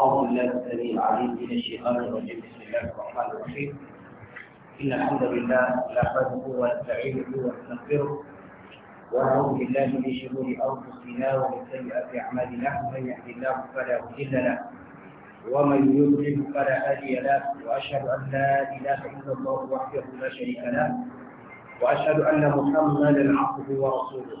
أعوذ بالله السميع العليم من الشيطان الرجيم بسم الله الرحمن الرحيم إن الحمد لله نحمده ونستعينه ونستغفره ونعوذ بالله من شرور أنفسنا ومن سيئات أعمالنا من يهد الله فلا مضل له ومن يضلل فلا هادي له وأشهد أن لا إله إلا الله وحده لا شريك له وأشهد أن محمدا عبده ورسوله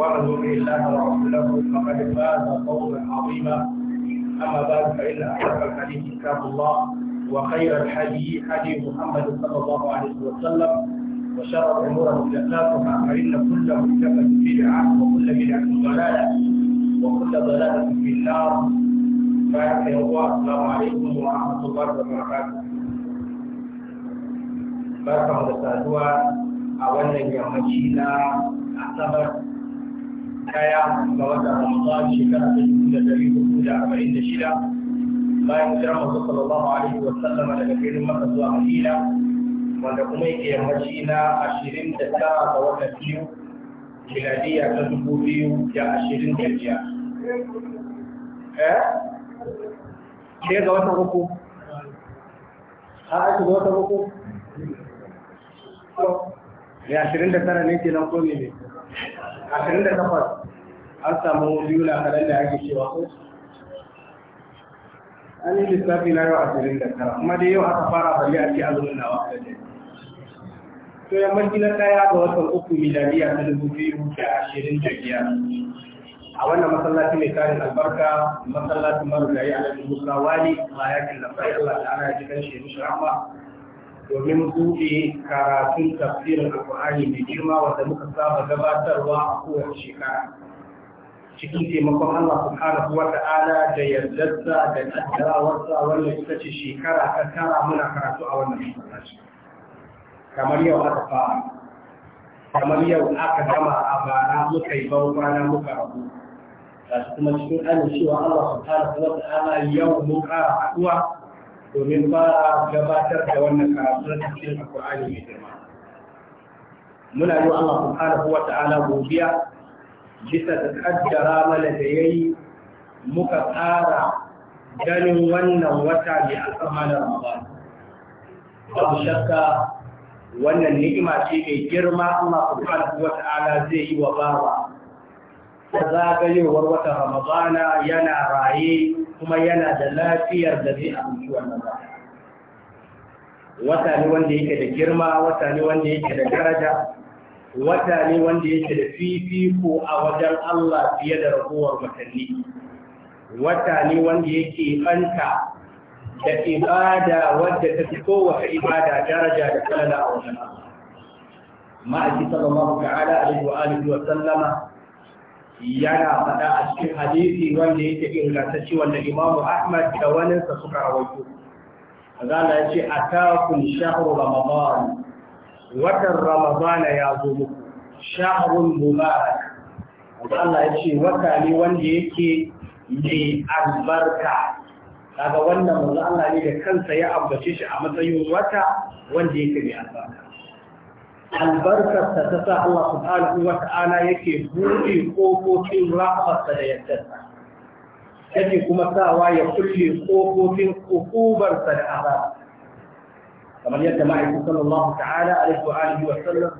وارجو بالله ورسوله فقد فاز قوما عظيما اما بعد فان احسن الحديث كتاب الله وخير الحديث حديث محمد صلى الله عليه وسلم وشر الامور محدثاتها فان كل محدثه بدعه وكل بدعه ضلاله وكل ضلاله في النار فيا الله السلام عليكم ورحمه الله وبركاته barkan da saduwa a wannan yammaci na asabar Kaya ga wata Ramadan shekara ta dubu da dari hudu da arba'in da shida bayan hijirar Masu sallallahu alaihi wa sallama daga birnin Makka zuwa Madina wanda kuma yake yammaci na ashirin da tara ga watan biyu miladiya ta dubu biyu da ashirin da biyar. Eh? Ɗaya ga uku? Ah, A ga uku? Ya ashirin da tara ne ke nan ko ne ne? ashirin da takwas an samu jula kaɗan da ake cewa ko an yi lissafi na yau ashirin da tara kuma dai yau aka fara balle a ce azumin na wasu da to yammaci na ɗaya ga watan uku miladiya ta dubu biyu da ashirin da biyar a wannan masallaci mai tarin albarka masallacin marugari a nan musa wani ma yakin da fa'ila da ana jikan shi mishi rahma domin buɗe karatun tafsirin alƙur'ani mai girma wanda muka saba gabatarwa a kowace shekara cikin taimakon Allah subhanahu wa ta'ala da yardarsa da kaddarawarsa wannan ita ce shekara ta tara muna karatu a wannan masallaci kamar yau aka fara kamar yau aka gama a bara muka yi bana muka rabu ga kuma cikin amincewa Allah subhanahu wa ta'ala yau mun ƙara haɗuwa domin a gabatar da wannan karatun cikin alkur'ani mai girma muna yi Allah subhanahu wa ta'ala godiya bisa da kaddara mana da yayi muka tsara ganin wannan wata mai alfarma da Ramadan mu shakka wannan ni'ima ce mai girma Allah subhanahu wa ta'ala zai yi wa bawa ta zagayowar wata Ramadana yana raye kuma yana da lafiyar da zai amince wannan ba wata ne wanda yake da girma wata ne wanda yake da daraja wata ne wanda yake da fifiko a wajen Allah fiye da rabuwar watanni wata ne wanda yake fanta da ibada wadda ta fi kowace ibada daraja da kalala a wajen Allah ma'aiki sallallahu ta'ala alaihi wa alihi wa sallama yana faɗa a cikin hadisi wanda yake ingantacci wanda Imam ahmad da waninsa suka rawaito zala ya ce a shahru ramadan watan ramadan ya zo muku shahrun mubarak Allah ya ce wata ne wanda yake mai albarka daga wannan manzo Allah ne da kansa ya ambace shi a matsayin wata wanda yake mai albarka albarkarsa ta ta sa Allah subhanahu wa ta'ala yake buɗe ƙofofin rahamarsa da yaddarsa yake kuma sawa ya kulle ƙofofin ƙuƙubarsa da azaba kamar yadda ma'aikin sallallahu ta'ala alaihi wa alihi wa sallam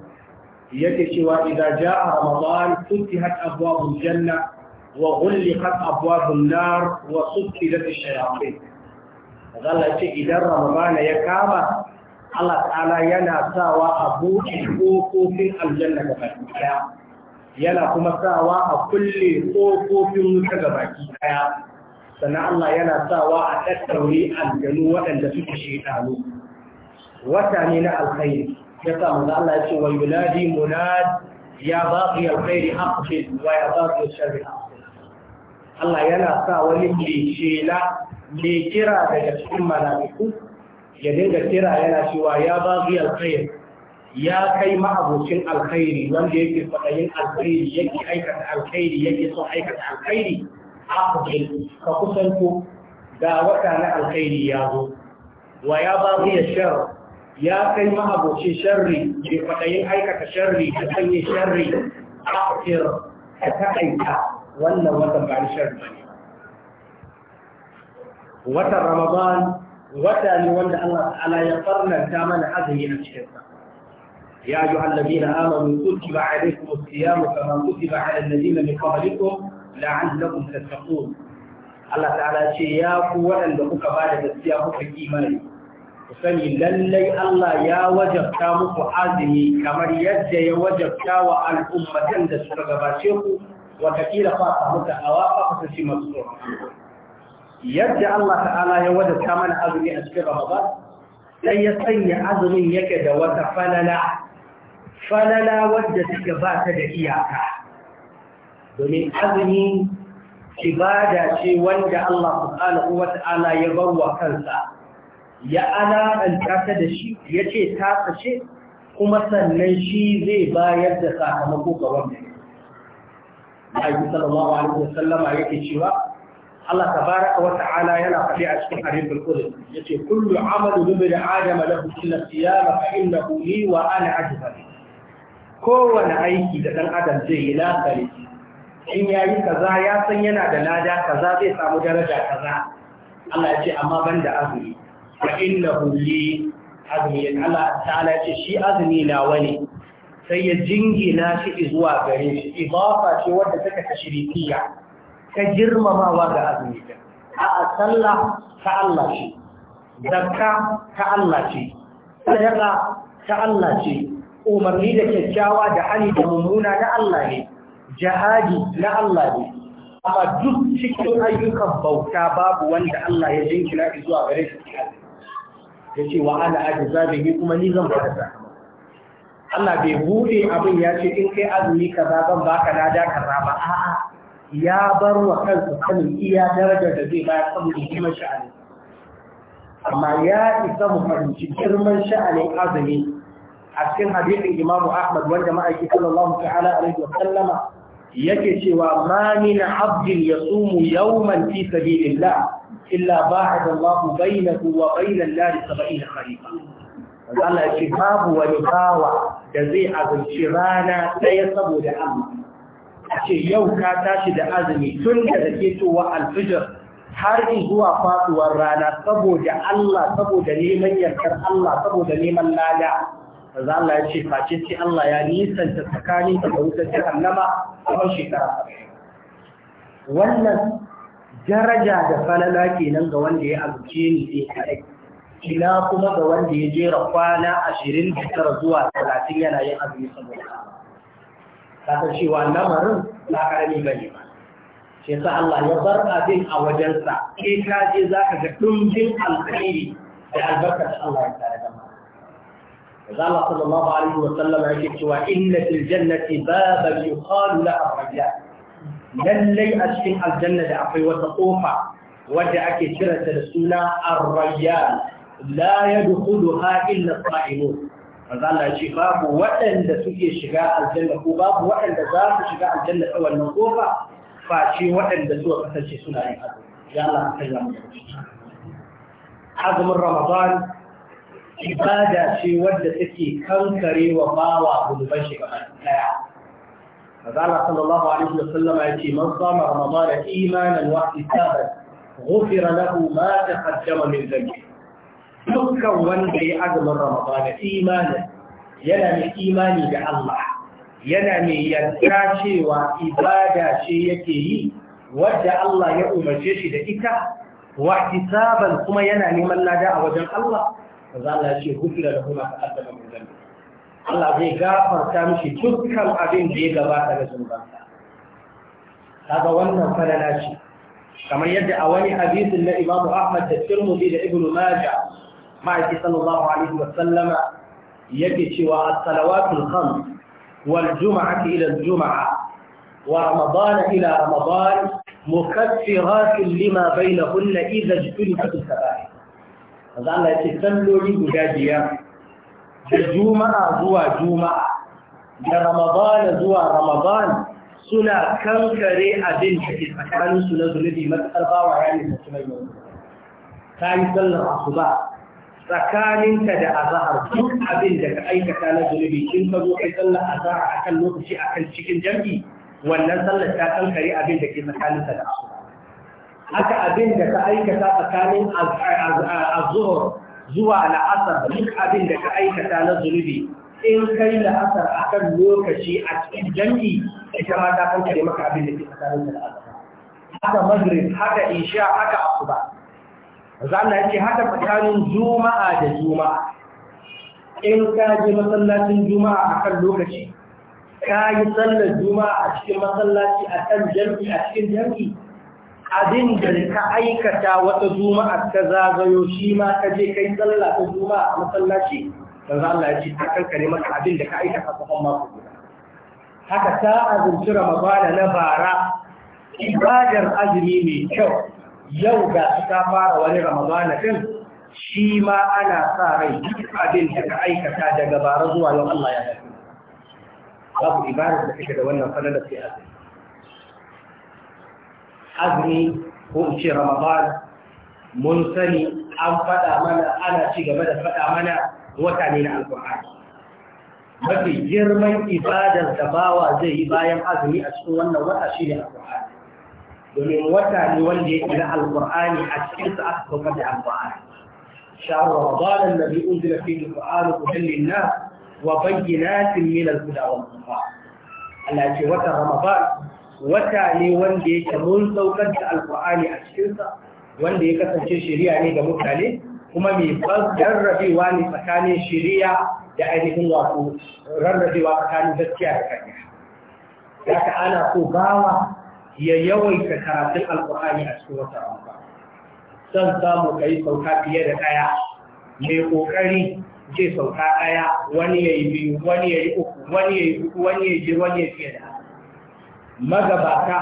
yake cewa idza jaa ramadan futihat abwabul janna wa ghulqat abwabun nar wa sukkilat ash-shayatin Allah ce idan ramadan ya kama Allah ta'ala yana sawa a buɗe ƙofofin aljanna ga ɗaya yana kuma sawa a kulle ƙofofin wuta ga baki ɗaya sannan Allah yana sawa a tattauri aljanu waɗanda suke shekaru wata ne na alkhairi ya sa manzo Allah ya ce wa yuladi munad ya alkhairi aqfid wa ya baqi sharri Allah yana sa wani mai shela mai kira daga cikin mala'iku ya dinga kira yana cewa ya baghi alkhair ya kai ma'abocin alkhairi wanda yake faɗayin alkhairi yake aikata alkhairi yake son aikata alkhairi aqbil ka kusanto ga wata na alkhairi ya zo wa ya baghi ashar ya kai ma'abocin sharri ke faɗayin aikata sharri da sanye sharri aqfir ka taƙaita wannan watan ba ni sharri ba ne watan ramadan wata ne wanda Allah ta'ala ya farnanta mana azumi a cikin sa ya ayu alladheena amanu kutiba alaykumus siyamu kama kutiba ala alladheena min qablikum la'allakum tattaqun Allah ta'ala ce ya ku waɗanda kuka ba da gaskiya kuka imani ku sani lallai Allah ya wajabta muku azumi kamar yadda ya wajabta wa al'ummatan da suka gabace ku wata kila fa samu da'awa fa ku ci masu yadda Allah ta'ala ya wadata mana azumi a cikin Ramadan sai ya sanya azumin yake da wata falala falala wadda take ba ta da iyaka domin azumi ibada ce wanda Allah subhanahu wata'ala ya wa kansa ya alaƙanta ta da shi ya ce ta tsace kuma sannan shi zai bayar da sakamako ga wanda ya yi sallallahu alaihi wasallama yake cewa Allah tabaraka wa ta'ala yana faɗi a cikin hadithul qudsi yace kullu amalu da adama lahu illa siyama fa innahu li wa ana kowane aiki da dan adam zai yi lafari in yayi kaza ya san yana da lada kaza zai samu daraja kaza Allah ya ce amma da azumi fa innahu li azumi Allah ta'ala ce shi azumi nawa ne sai ya jingina shi zuwa gare shi idafa ce wadda take tashrikiya ta girmamawa ga azumi din a sallah ta Allah ce zakka ta Allah ce sadaqa ta Allah ce umarni da kyakkyawa da hali da mummuna na Allah ne jihadi na Allah ne amma duk cikin ayyukan bauta babu wanda Allah ya jinkira zuwa gare shi ya ce wa ana ajiza ni yi kuma ni zan ba da Allah bai bude abin ya ce in kai azumi kaza ban baka ka kaza ba a'a ya bar wa kansa sanin iya darajar da zai bayar saboda girman sha'ani amma ya isa mu fahimci girman sha'anin azumi a cikin hadisin imamu ahmad wanda ma'aiki sallallahu ta'ala alaihi wa sallama yake cewa ma min abdin yasumu yawman fi sabilillah illa ba'ada Allah bainahu wa bainal nar 70 kharifa Allah ya ce babu wani bawa da zai azumci rana ɗaya saboda Allah ce yau ka tashi da azumi tun da da ketowa alfijir har zuwa faduwar rana saboda Allah saboda neman yarkar Allah saboda neman lada za Allah ya ce face Allah ya nisanta tsakanin da wutar jahannama kamar shekara wannan daraja da falala kenan ga wanda ya abuce ni sai kadai ina kuma ga wanda ya jera kwana ashirin da tara zuwa talatin yana yin azumi saboda Allah ka cewa namarin ba karami ba ne ba shi yasa Allah ya bar abin a wajensa ke ka je za ka ga ɗumbin alkhairi da albarkar Allah ya tare da mu Za Allah sallallahu alaihi wa sallam yake cewa inna fil jannati baban yuqalu lahu ar-rajaa lallai a cikin aljanna da akwai wata kofa wadda ake kiranta da suna ar-rayyan la yadkhuluha illa as-sa'imun maza Allah ya ce babu waɗanda suke shiga aljanna ko babu waɗanda za su shiga aljanna ta wannan kofa face waɗanda suka kasance suna yin azumi ya Allah ka kalla mu azumin Ramadan ibada ce wadda take kankare wa bawa zunuban shi gaba daya فقال صلى الله عليه وسلم يأتي من صام رمضان إيمانا واحتسابا غفر له ما تقدم min ذنبه dukkan wanda ya azumin ramadana imanin yana mai imani da Allah yana mai yarda cewa ibada ce yake yi wadda Allah ya umarce shi da ita wa hisaban kuma yana neman lada a wajen Allah za Allah ce gufira da kuma ta'addama min zambi Allah zai gafarta mishi dukkan abin da ya gabata da zunubansa kaga wannan falala ce kamar yadda a wani hadisin na Imam Ahmad da Tirmidhi da Ibn Majah ma'aiki sallallahu alaihi wa sallama yake cewa as-salawatul khams wal jum'ati ila al-jum'a wa ramadan ila ramadan mukaffiratun lima bainahunna idza ijtunibat al-kaba'ir manzo Allah yace salloli guda biyar da juma'a zuwa juma'a da ramadan zuwa ramadan suna kankare abin da ke tsakaninsu na zunubi matuƙar bawa ya nisa su mai yau ta yi sallar asuba tsakaninka da azahar duk abin da ka aikata na zunubi in ka zo kai sallar azahar akan lokaci akan cikin jam'i wannan sallar ta kankare abin da ke tsakaninka da asuba haka abin da ka aikata tsakanin azuhur zuwa la'asar duk abin da ka aikata na zunubi in kai la'asar akan lokaci a cikin jam'i ita ma ta kankare maka abin da ke tsakaninka da azahar haka maghrib haka isha haka asuba Yanzu ya ce haka tsakanin Juma'a da Juma'a. In ka je masallacin Juma'a a kan lokaci, ka yi sallar Juma'a a cikin masallaci a kan jam'i a cikin jam'i, abin da ka aikata wata Juma'a ka zagayo shi ma ka je kai sallah ta Juma'a a masallaci, da Allah ya ce ta kankare maka abin da ka aikata tsawon mako Haka ta azumci Ramadana na bara, ibadar azumi mai kyau, yau ga shi ta fara wani ramadana din shi ma ana sa rai duk abin da ka aikata daga bara zuwa yau Allah ya tafi babu ibarar da kake da wannan sanar sanadar sai azumi azumi ko in ce ramadan mun sani an faɗa mana ana ci gaba da faɗa mana wata ne na alƙur'ani mafi girman ibadar da bawa zai yi bayan azumi a cikin wannan wata shi ne alƙur'ani domin wata ne wanda yake na alqur'ani a cikin sa aka saukar da alqur'ani shahru ramadan alladhi unzila fihi alqur'an hudan lin-nas wa bayyinatin min al-huda wal-furqan Allah ya ce wata ramadan wata ne wanda yake mun saukar da alqur'ani a cikin sa wanda ya kasance shari'a ne ga mutane kuma mai rarrabewa ne tsakanin shari'a da ainihin wato rarrabewa tsakanin gaskiya da kanya. Ya ka ana ko gawa ya yawaita karatun alkur'ani a cikin wata ramadan zan samu ka yi sauka fiye da ɗaya mai ƙoƙari zai sauka ɗaya wani ya yi biyu wani ya yi uku wani ya yi uku wani ya yi wani ya fiye da magabata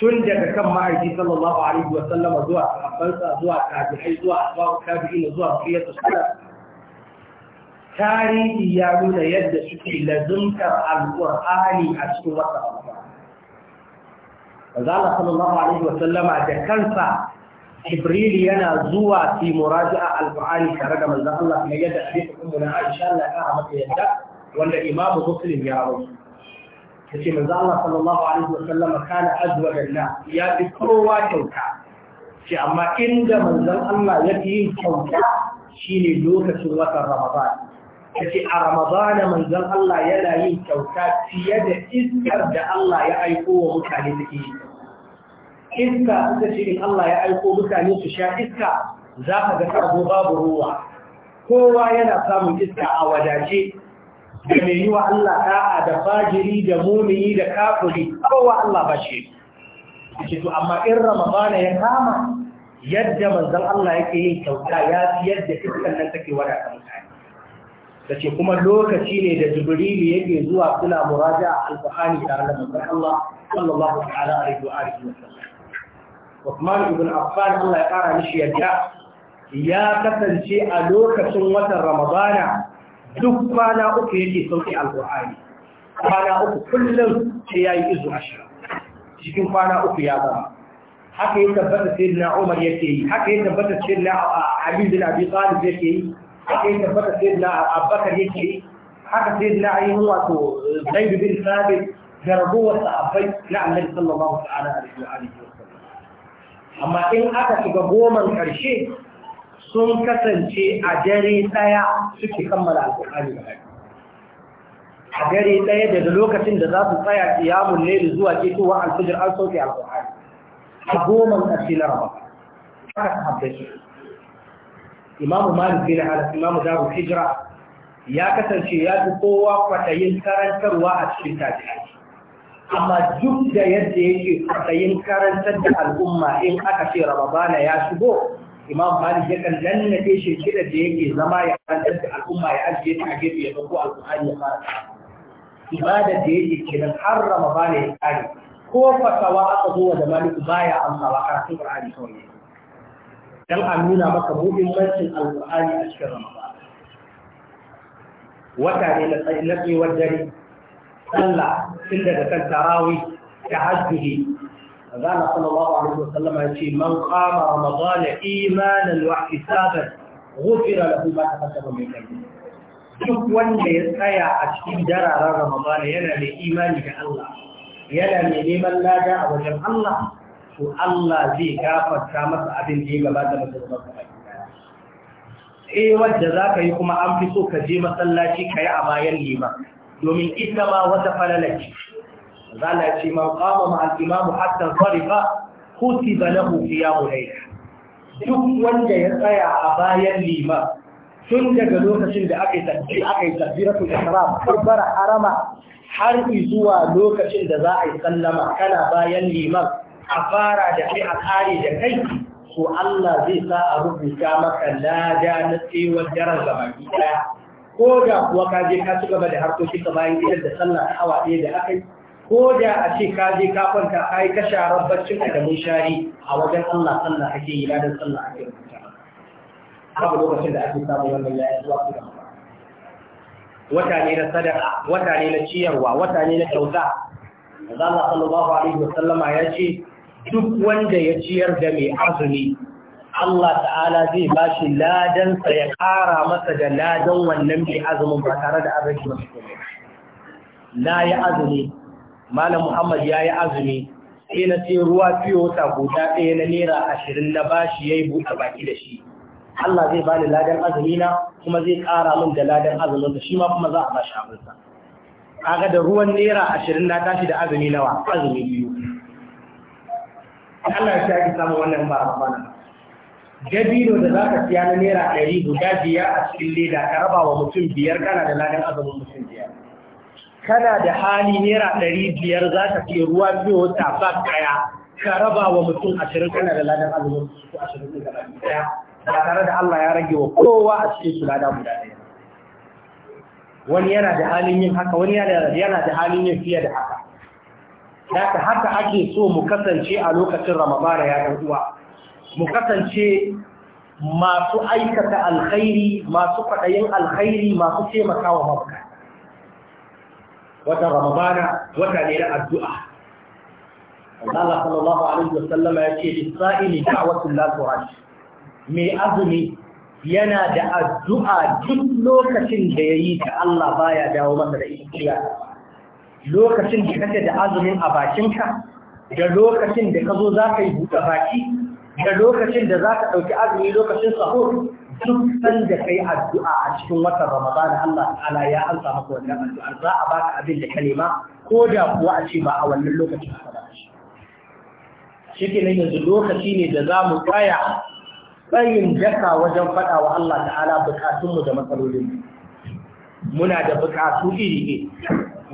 tun daga kan ma'aiki sallallahu alaihi wa sallama zuwa sahabbansa zuwa tabi'ai zuwa asba'u tabi'in zuwa qiyatu salaf tarihi ya nuna yadda suke lazumtar alqur'ani a cikin wata Allah sallallahu alaihi wa sallama da kansa Jibril yana zuwa fi muraji'a al-Qur'ani tare da manzon Allah kamar yadda hadisi ummu na Aisha Allah ya mata yadda wanda Imam Muslim ya rawaito yace manzon Allah sallallahu alaihi wa sallama kana azwaj an ya fi kowa kyauta ce amma inda manzon Allah ya yin kyauta shine lokacin watan Ramadan kace a ramadana manzan Allah yana yin kyauta fiye da iskar da Allah ya aiko wa mutane suke yi iska suka ce in Allah ya aiko mutane su sha iska za ka ga sabo babu ruwa kowa yana samun iska a wadace da mai yi wa Allah ta'a da fajiri da mumini da kafuri kowa Allah ba shi ce to amma in ramadana ya kama yadda manzon Allah yake yin kyauta ya fi yadda iskar nan take wadata mutane Da tace kuma lokaci ne da jibril yake zuwa suna muraja'a alqur'ani tare da manzon Allah sallallahu ta'ala alaihi wa alihi wasallam Uthman ibn Affan Allah ya kara mishi yadda ya kasance a lokacin watan Ramadana duk kwana uku yake sauki alqur'ani kwana uku kullum sai yi izu ashira cikin kwana uku ya zama haka ya tabbata sayyidina Umar yake yi haka ya tabbata sayyidina Ali bin Abi Talib yake yi haka yi tabbata sai na abbakar yake yi haka sai na ainihin wato eh, zaidu bin sabit da ragowar sahabbai na annabi sallallahu ta'ala alaihi wa alihi amma in aka shiga goman karshe sun kasance a dare daya suke kammala alƙur'ani da hadisi a dare ɗaya daga lokacin da za su tsaya kiyamun laili zuwa ketowa alfijir an sauke alƙur'ani a goma ƙarshe laraba aka sahabbai imamu malik bin anas imamu Daru hijra ya kasance ya fi kowa kwatayin karantarwa a cikin tabi'ai amma duk da yadda yake kwatayin karantar da al'umma in aka ce ramadana ya shigo imam malik yakan lallabe shi kida da yake zama ya karantar da al'umma ya ajiye ta a gefe ya dauko al'umma ya fara ibada da yake kenan har ramadana ya kare ko fatawa aka zo da malik baya amsawa karatun qur'ani kawai don a nuna maka muhimmancin alƙur'ani a cikin ramadan wata ne na tsayuwar dare sallah tun daga kan tarawi da hajjuhi zana sallallahu alaihi wasallam ya ce man qama ramadan imanan wa ihtisaban ghufira lahu ma taqaddama min dhanbi duk wanda ya tsaya a cikin dararen ramadan yana mai imani da Allah yana mai neman lada a wajen Allah to Allah zai gafarta masa abin da ya gabata masa eh wadda za ka yi kuma an fi so ka je masallaci ka yi a bayan liman domin ita ma wata falalaci zala ce ma qama ma al imamu hatta ba na lahu mu layl duk wanda ya tsaya a bayan liman tun daga lokacin da aka yi tasbih aka yi tasbiratu ihram karbara harama har zuwa lokacin da za a yi sallama kana bayan liman a fara da kai a kare da kai to Allah zai sa a rubuta maka lada na tsewar daren gabaki daya ko da kuwa ka je ka ci gaba da harkokin ka bayan gidan da sallah ta awa ɗaya da aka yi ko da a ce ka je ka kwanta ka yi ka sharar baccin ka da mun shari a wajen Allah sallah ake yi ladan sallah ake rubuta babu lokacin da ake samun wannan ya yi zuwa kuma wata ne na sadaka wata ne na ciyarwa wata ne na kyauta Allah sallallahu alaihi wa sallama ya ce duk wanda ya ciyar da mai azumi Allah ta'ala zai ba shi ladansa ya ƙara masa da ladan wannan mai azumin ba tare da arziki masu kuma na yi azumi malam muhammad ya yi azumi sai na ce ruwa fiye wata guda ɗaya na naira ashirin na bashi ya yi buɗe baki da shi Allah zai bani ladan azumi na kuma zai ƙara min da ladan azumin da shi ma kuma za a ba shi abinsa. Kaga da ruwan naira ashirin na tashi da azumi nawa azumi biyu. Allah ya shaƙi samu wannan ba Ramadana. Dabino da za ka siya na Naira ɗari guda biyar a cikin leda ka raba wa mutum biyar kana da ladan azumin mutum biyar. Kana da hali Naira ɗari biyar za ka fiye ruwa biyu wata ba ɗaya ka raba wa mutum ashirin kana da ladan azumin mutum ashirin ɗin gaba ɗaya. Ba tare da Allah ya rage wa kowa a cikin su lada guda ɗaya. Wani yana da halin yin haka, wani yana da halin yin fiye da haka. Daga haka ake so mu kasance a lokacin Ramadana ya uwa. Mu kasance masu aikata alkhairi, masu faɗayin alkhairi, masu taimakawa mabuka. Wata Ramadana wata ne na addu'a. Allah sallallahu Alaihi wasallama ya ce, Isra'ili da wasu latuwa mai azumi yana da addu'a duk lokacin da ya yi ta Allah baya dawo masa da iya lokacin da kake da azumin a bakinka da lokacin da ka zo za ka yi buɗe baki da lokacin da za ka ɗauki azumi lokacin sahur duk san da yi addu'a a cikin watan Ramadan Allah ta'ala ya amsa maka wannan addu'a za a baka abin da ka nema ko da kuwa a ce ba a wannan lokacin ka ba shi ke nan yanzu lokaci ne da za mu tsaya tsayin daka wajen faɗa wa Allah ta'ala bukatunmu da matsalolinmu muna da bukatu iri iri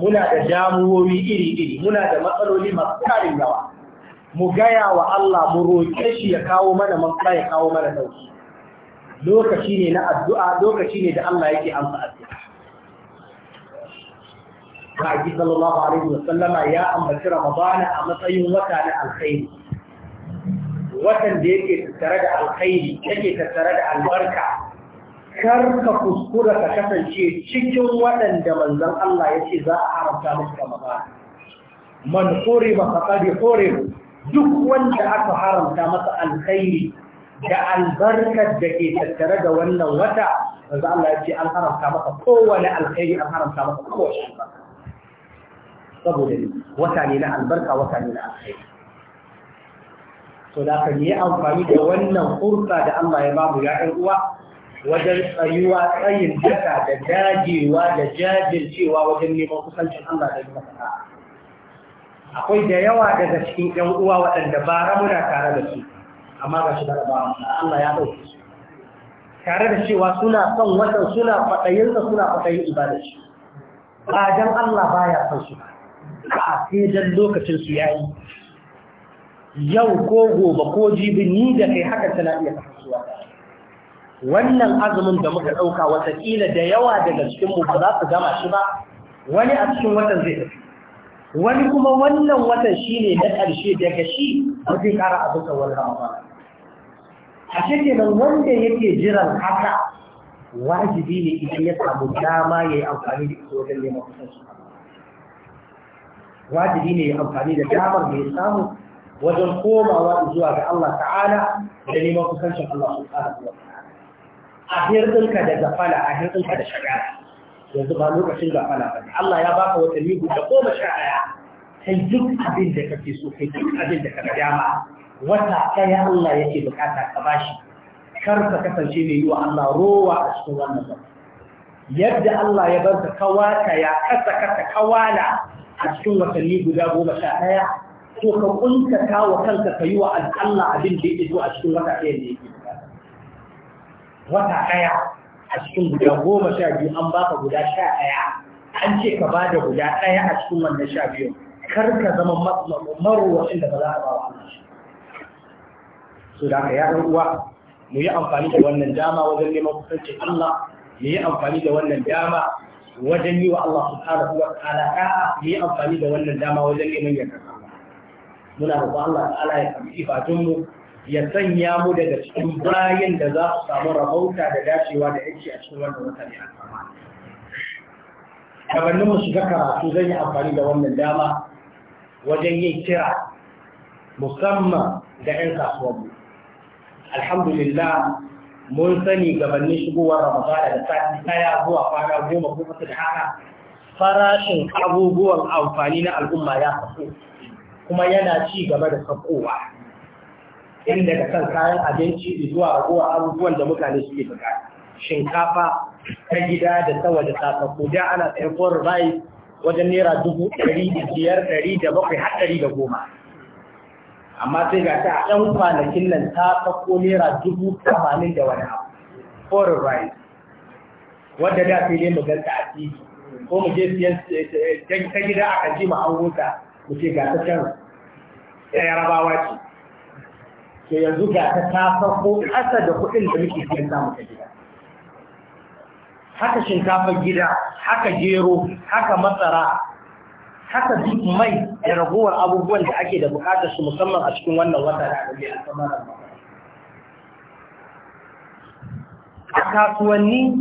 muna da damuwoyi iri-iri muna da matsaloli masu karin yawa mu gaya wa Allah mu roƙe shi ya kawo mana mafita ya kawo mana sauki lokaci ne na addu'a lokaci ne da Allah yake amsa addu'a Kaji sallallahu alaihi wa sallama ya ambaci Ramadana a matsayin wata na alkhairi watan da yake tattare da alkhairi yake tattare da albarka kar ka kuskura ka kasance cikin waɗanda manzan Allah ya ce za a haramta musu Ramadan man faɗa faqad hurim duk wanda aka haramta masa alkhairi da albarkar da ke tattare da wannan wata manzon Allah ya ce an haramta masa kowane alkhairi an haramta masa kowace albarka saboda wata ne na albarka wata ne na alkhairi to da ka yi amfani da wannan kurka da Allah ya babu ya ɗan uwa wajen tsayuwa tsayin daka da dajewa da jajircewa wajen neman kusancin Allah da yi masa akwai da yawa daga cikin ‘yan uwa waɗanda bara muna tare da su amma ga shi daga ba Allah ya ɗauke su tare da cewa suna son watan suna faɗayinsa suna faɗayin ibada ba don Allah ba ya son su ba a sai don lokacin su ya yi yau ko gobe ko jibi ni da kai haka tana iya kasuwa wannan azumin da muka ɗauka watakila da yawa daga cikinmu ba za su gama shi ba wani a cikin watan zai tafi wani kuma wannan watan shi ne na ƙarshe daga shi ba ƙara abin da wani ramadan a shekenan wanda yake jiran haka wajibi ne idan ya samu dama ya yi amfani da ita wajen neman kusan su wajibi ne ya amfani da damar da ya samu wajen komawa zuwa ga Allah ta'ala da neman kusan Allah subhanahu wa zuwa. a ɗinka da gafala a ɗinka da shagara yanzu ba lokacin gafala ba Allah ya baka watanni guda goma sha ɗaya kai duk abin da kake so kai duk abin da dama wata ɗaya Allah yake bukata ka bashi kar ka kasance mai yiwa Allah rowa a cikin wannan ba yadda Allah ya bar ka kawata ya kasa kasa kawala a cikin watanni guda goma sha ɗaya ko ka kuntata wa kanka ka yi wa Allah abin da yake zuwa a cikin wata ɗaya da yake wata ɗaya a cikin guda goma sha biyu an baka guda sha ɗaya an ce ka ba da guda ɗaya a cikin wannan sha biyu kar ka zama marowacin da ba za a ba wa Allah shi so da ka yaran uwa mu yi amfani da wannan dama wajen neman kusancin Allah mu yi amfani da wannan dama wajen yi wa Allah ƙara kuwa ƙara ƙara mu yi amfani da wannan dama wajen neman Allah muna roƙon Allah ta'ala ya karbi ifatunmu ya sanya mu daga cikin bayan da za su samu rahauta da dacewa da yanci a cikin wannan wata ne kama. Kabannin mu shiga karatu zan yi amfani da wannan dama wajen yin kira musamman da 'yan mu. Alhamdulillah mun sani gabanin shigowar Ramadana daga sati ɗaya zuwa fara goma ko kasa da haka farashin abubuwan amfani na al'umma ya sako kuma yana ci gaba da sakowa. Inda daga kan kayan abinci zuwa ruwa abubuwan da mutane suke buƙata, shinkafa ta gida da tsawa da tsakakku da ana sayar for rai wajen naira dubu ɗari da biyar ɗari da bakwai har ɗari da goma amma sai ga ta ɗan kwanakin nan ta tsakko naira dubu tamanin da wani abu for rice wadda da sai dai mu ganta a titi ko mu je siyan eh, eh, ta gida a ji mu an wuta mu ce ga ta can yarabawa ce ke yanzu ga ta kafa ko ƙasa da kuɗin da muke siyan zamu ta gida haka shinkafar gida haka gero haka matsara haka duk mai da ragowar abubuwan da ake da bukatar su musamman a cikin wannan wata da aka biya a kasuwanni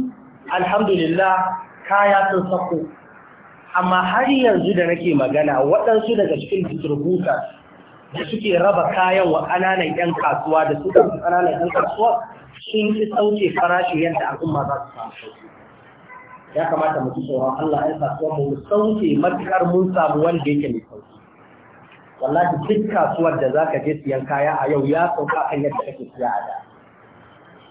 alhamdulillah kaya sun sako amma har yanzu da nake magana waɗansu daga cikin distributors da suke raba kayan wa ƙananan 'yan kasuwa da su ɗauki ƙananan 'yan kasuwa sun fi sauke farashi yadda al'umma za su samu ya kamata mu ci tsoron Allah ya kasuwa mu mu sauke matuƙar mun samu wanda yake mai sauki wallahi duk kasuwar da zaka je siyan kaya a yau ya sauka kan yadda kake siya a da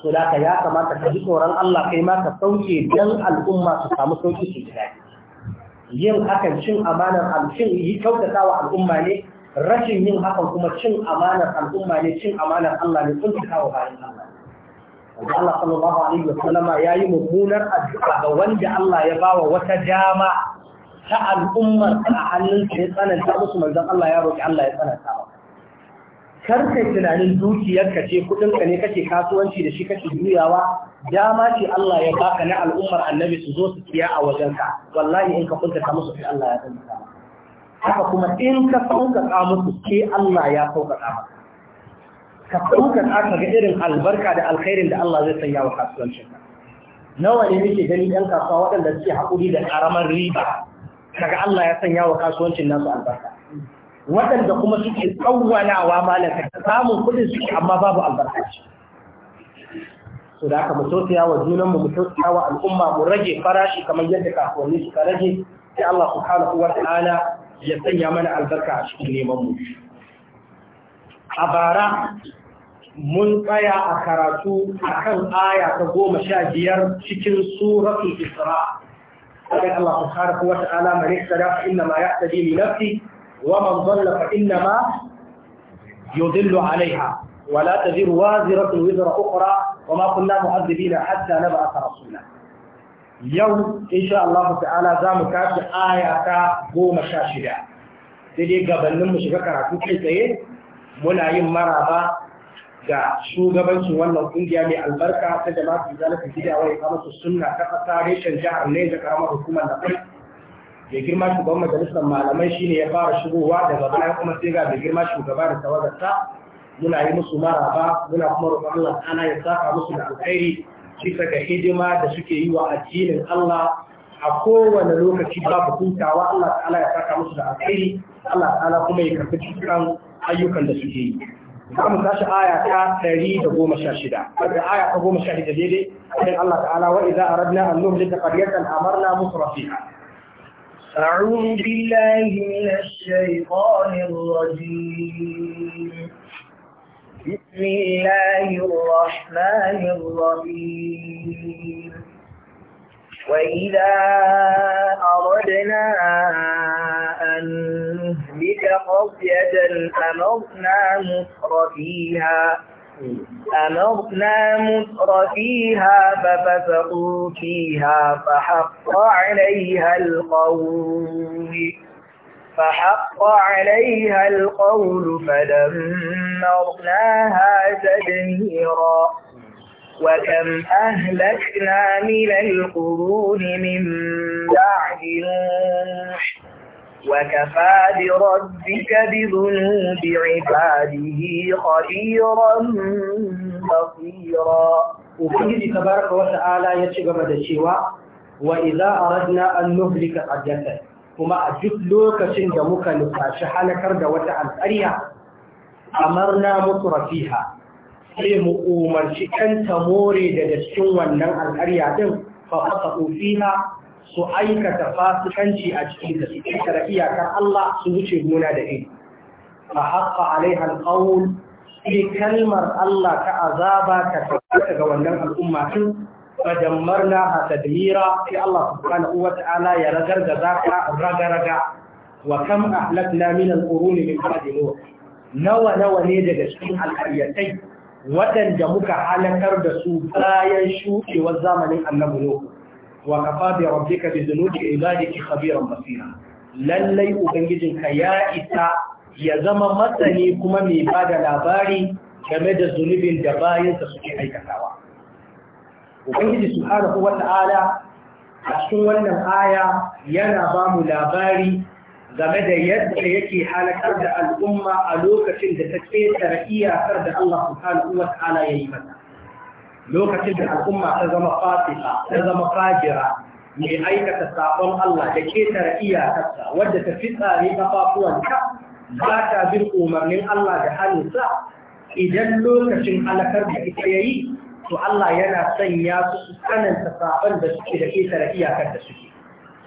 to da ka ya kamata ka ji tsoron Allah kai ma ka sauke dan al'umma su samu sauki su ji daɗi yin hakan cin amanar al'umma yi kyautata wa al'umma ne rashin yin hakan kuma cin amanar al'umma ne cin amanar Allah ne kun kawo bayan Allah wanda Allah sallallahu alaihi wa ya yayi mummunar addu'a ga wanda Allah ya bawa wata dama ta al'ummar a hannun ya tsananta musu manzon Allah ya roki Allah ya tsananta maka kar kai tunanin dukiyarka ce kudin ka ne kake kasuwanci da shi kake juyawa dama ce Allah ya baka na al'ummar annabi su zo su tsiya a wajenka wallahi in ka kunta musu sai Allah ya tsananta haka kuma in ka saukaka muku ke Allah ya sauka maka ka sauƙaƙa ka ga irin albarka da alkhairin da Allah zai sanya wa kasuwancin ka nawa ne muke gani ɗan kasuwa waɗanda suke haƙuri da ƙaramar riba kaga Allah ya sanya wa kasuwancin nasu albarka waɗanda kuma suke tsawwalawa malaka samun kuɗin suke amma babu albarka su da aka mutosiya wa junanmu mutosiya wa al'umma mu rage farashi kamar yadda kasuwanni suka rage sai Allah subhanahu wa ta'ala ya sanya mana albarka a cikin neman mu a bara mun tsaya a karatu akan aya ta قال الله سبحانه وتعالى من اهتدى فانما يهتدي لنفسه ومن ضل فانما يضل عليها ولا تزر وازره وزر اخرى وما كنا معذبين حتى نبعث رسولا yau insha Allah ta'ala za mu tashi ayata goma sha shida sai dai gabanin mu shiga karatu kai tsaye muna yin maraba ga shugabancin wannan kungiya mai albarka ta jama'a zalafi gida wa ikamatu sunna ta kasa reshen jihar ne da karamar hukumar da kai da girma shugaban majalisar malamai shine ya fara shigowa daga baya kuma sai ga da girma shugaba da tawagarta. muna yi musu maraba muna kuma roƙon Allah ta'ala ya saka musu da alkhairi bisa ga hidima da suke yi wa addinin Allah a kowane lokaci babu kuntawa Allah ta'ala ya saka musu da alkhairi Allah ta'ala kuma ya karɓi dukkan ayyukan da suke yi za mu tashi aya ta 116 wadda aya ta 16 daidai sai Allah ta'ala wa idza aradna an nuhlika qaryatan amarna musrafiha أعوذ بالله من الشيطان الرجيم بسم الله الرحمن الرحيم وإذا أردنا أن نهلك قرية أمرنا مصر فيها أمرنا مصر فيها ففسقوا فيها فحق عليها القول فحق عليها القول فدمرناها تدميرا وكم أهلكنا من القرون من بعد نوح وكفى بربك بذنوب عباده خبيرا بصيرا Ubangiji تبارك وتعالى ta'ala ya وإذا أردنا أن نهلك wa kuma a duk lokacin da muka nufashi halakar da wata alƙarya amarna mutu rafiha sai mu umarci ɗan more daga cikin wannan alƙarya ɗin fa fasa su aikata fasikanci a cikin da su ƙetare iyakar Allah su wuce gona da iri fa haƙa alaiha ƙawul sai kalmar Allah ta azaba ta ga wannan al'umma ɗin fajammarna hatadmira sai Allah subhanahu wata'ala ya ragar da zaka raga raga wa kam ahlakna min al-qurun min ba'di nuh nawa nawa ne daga cikin al-ayyatai wadanda muka halakar da su bayan shukewar zamanin annabi nuh wa kafa bi rabbika bi dhunubi ibadiki khabiran basira lallai ubangijinka ya isa ya zama masani kuma mai bada labari game da zunubin da bayansa suke aikatawa ubangiji subhanahu wata'ala a cikin wannan aya yana ba mu labari game da yadda yake halakar da al'umma a lokacin da ta ƙetare iyakar da Allah subhanahu wa ta'ala ya yi mata. Lokacin da al'umma ta zama fatiha, ta zama fajira, mai aikata sabon Allah da ƙetare iyakarsa, wadda ta fi tsare kafafuwanta, ba ta bin umarnin Allah da hannunsa, idan lokacin halakar da ita ya yi, to Allah yana sanya su su tsananta da suke da ketare iyakar da suke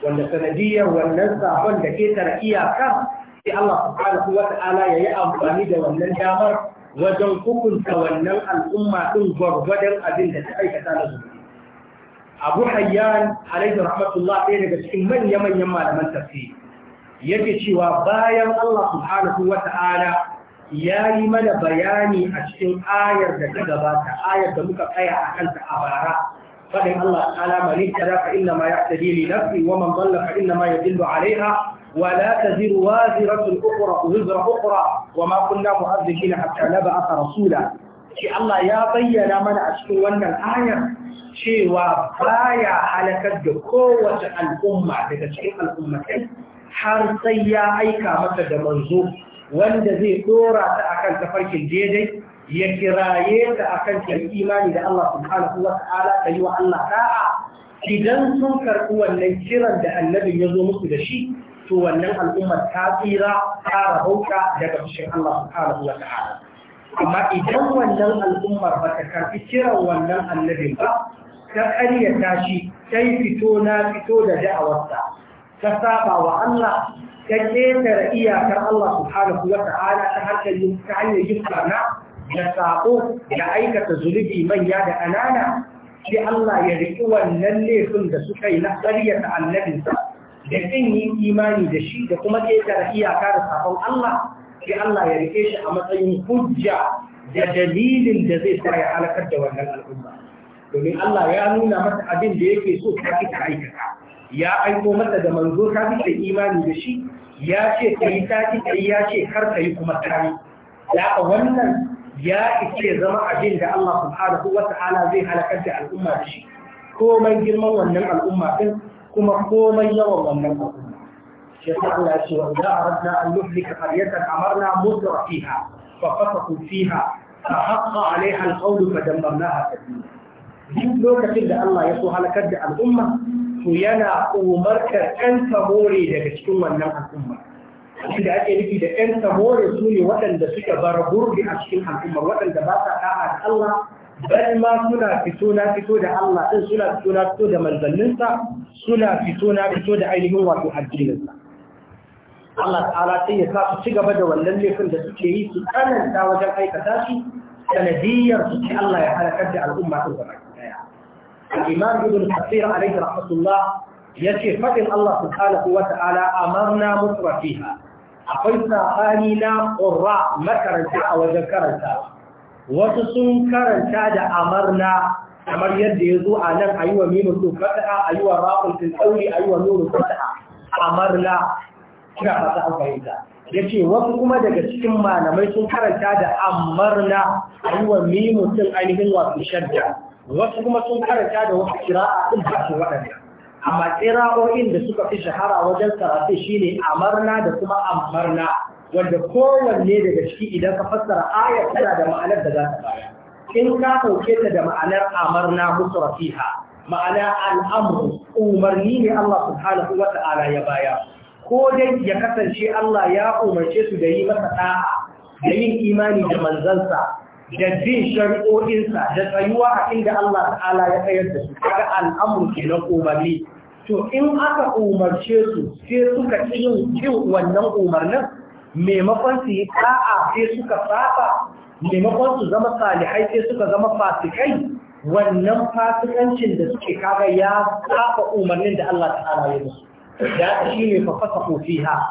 wanda sanadiyar wannan sabon da ketare iyakar sai Allah subhanahu wa ta'ala ya yi amfani da wannan damar wajen hukunta wannan al'umma din gwargwadon abin da ta aikata na zuwa Abu Hayyan alaihi rahmatullah ɗaya daga cikin manya-manyan malaman tafsiri yake cewa bayan Allah subhanahu wa ta'ala ya yi mana bayani a cikin ayar da ta gabata ayar da muka kaya a kanta a bara fadin Allah ta'ala man ihtada fa inna ma yahtadi li nafsi wa man dhalla fa inna ma yadillu 'alayha wa la taziru waziratun ukhra wizra ukhra wa ma kunna mu'adhibina hatta nab'atha rasula shi Allah ya bayyana mana a cikin wannan ayar cewa baya halakar da kowace al'umma daga cikin al'ummatai har sai ya aika mata da manzo wanda zai dora ta akan tafarkin daidai ya kiraye ta akan kan imani da Allah subhanahu wa ta'ala ta yi wa Allah ta'a idan sun karɓi wannan kiran da annabin ya zo musu da shi to wannan al'ummar ta tsira ta rahauta daga fushin Allah subhanahu wa ta'ala amma idan wannan al'ummar ba ta karɓi kiran wannan annabin ba ta ƙaryata shi ta yi fito na fito da da'awarsa ta saba wa Allah ka ƙetare iyakar Allah subhanahu wa ta'ala ta harkar yin ta hanyar yin na da saƙo da aikata zunubi manya da anana sai Allah ya riƙi wannan laifin da suka yi na ƙaryata annabinsa da ƙin yin imani da shi da kuma ƙetare iyaka da sakon Allah sai Allah ya riƙe shi a matsayin hujja da dalilin da zai sa ya halakar da wannan al'umma domin Allah ya nuna mata abin da yake so ta ta aikata ya aiko masa da manzo ka bi imani da shi ya ce kai ta ki kai ya ce kar kai kuma kai da wannan ya ce zama abin da Allah subhanahu wa ta'ala zai halakar da al'umma da shi komai girman wannan al'umma din kuma komai yawan wannan al'umma shi yasa Allah ya ce wa idza aradna an nuhlika qaryatan amarna mudra fiha fa fasaqu fiha fa haqqa 'alayha al-qawlu fa dammarnaha tadmira duk lokacin da Allah ya so halakar da al'umma to yana umarkar ƴan samore daga cikin wannan al'umma shi da ake nufi da ƴan samore su ne waɗanda suka bar gurbi a cikin al'umma waɗanda ba sa ɗa'a da Allah bal ma suna fito na fito da Allah suna fito na fito da manzanninsa suna fito na fito da ainihin wato addininsa Allah ta'ala sai ya sa su ci gaba da wannan laifin da suke yi su kananta wajen aikata shi sanadiyyar su ce Allah ya halakar da al'umma ɗin gaba الإمام ابن كثير عليه رحمة الله يشي فضل الله سبحانه وتعالى أمرنا مصر فيها أقلنا آنينا قراء مكرنتا أو ذكرنتا وتسون كرنتا أمرنا kamar yadda ya zo a nan a wa minu su fataha a yi wa ra'ul fil amarna an fahimta yace wasu kuma daga cikin malamai sun karanta da amarna a yi wa ainihin wasu shadda wasu kuma sun karanta da wasu a sun bashi waɗanda amma kira'o'in da suka fi shahara wajen karatu shine amarna da kuma amarna wanda kowanne daga ciki idan ka fassara ayar tana da ma'anar da za ta baya in ka sauke ta da ma'anar amarna rafiha, ma'ana al'amru umarni ne Allah subhanahu wa ta'ala ya baya ko dai ya kasance Allah ya umarce su da yi masa da'a da yin imani da manzansa da bin shari'o'insa da tsayuwa a inda Allah ta'ala ya tsayar da su kaga al'amur ke na umarni to in aka umarce su sai suka yin wannan umarnin maimakon su yi ta'a sai suka saba maimakon su zama salihai sai suka zama fasikai wannan fasikancin da suke kaga ya saba umarnin da Allah ta'ala ya musu da shi ne fa fasahu fiha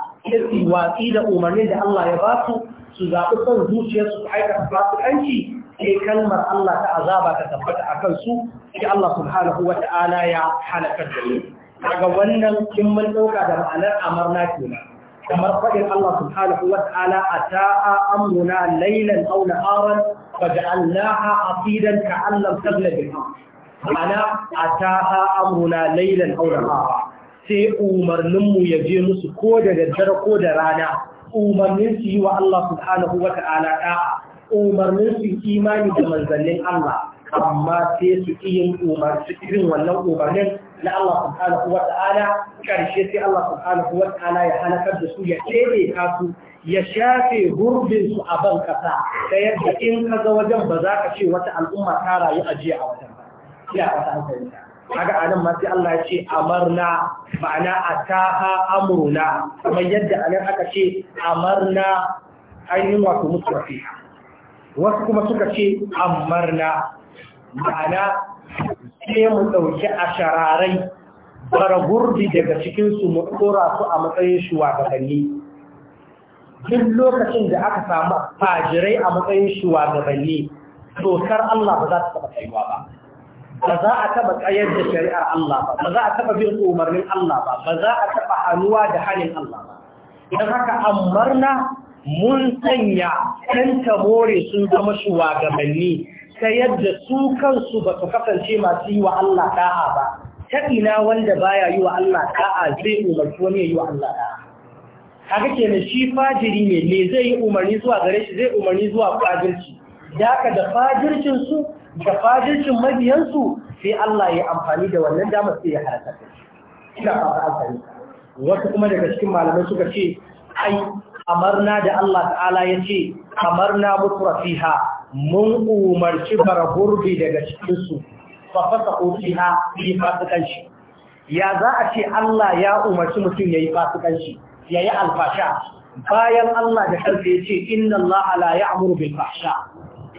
watsi da umarnin da Allah ya ba su su zaɓi son zuciyarsu su aikata fasikanci sai kalmar Allah ta azaba ta tabbata a kansu sai Allah subhanahu wa ta'ala ya halakar da ni daga wannan kin mun dauka da ma'anar amarna kenan kamar faɗin Allah subhanahu wa ta'ala ata'a amruna laylan aw naharan faj'alnaha aqidan ka'an lam ma'ana ata'a amruna laylan aw naharan sai umarninmu ya je musu ko da daddare ko da rana umarnin su yi wa Allah subhanahu wa ta'ala da'a umarnin su imani da manzannin Allah amma sai su iya umar su irin wannan umarnin na Allah subhanahu wa ta'ala karshe sai Allah subhanahu wa ta'ala ya halakar da su ya tsere ka su ya shafe gurbin su a ban kasa ta yadda in ka ga wajen ba za ka ce wata al'umma ta rayu a jiya a wajen ba ya wata kaga anan ma sai Allah ya ce amarna ma'ana ataha amruna kamar yadda anan aka ce amarna ainihin wato mutrafi wasu kuma suka ce amarna ma'ana sai mu dauki ashararai bara gurbi daga cikin su mu dora su a matsayin shugabanni duk lokacin da aka samu fajirai a matsayin shugabanni dokar Allah ba za ta taɓa kaiwa ba ba za a taba tsayar da shari'ar Allah ba ba za a taba bin umarnin Allah ba ba za a taba hannuwa da halin Allah ba idan haka amarna mun sanya ɗan more sun zama shugabanni ta yadda su kansu ba su kasance masu yi wa Allah da'a ba ta ina wanda baya yi wa Allah da'a zai umarci wani ya yi wa Allah da'a kaga kenan shi fajiri ne me zai yi umarni zuwa gare shi zai umarni zuwa fajirci da da fajircin su da fajircin mabiyansu sai Allah ya amfani da wannan damar sai ya halaka shi ina fata amfani wasu kuma daga cikin malamai suka ce ai amarna da Allah ta'ala ya ce amarna rafiha mun umarci bara gurbi daga cikin su fa fasaqu fiha bi fasikanci ya za a ce Allah ya umarci mutum yayi fasikanci yayi alfasha bayan Allah da kansa ya ce inna Allah la ya'muru bil fahsha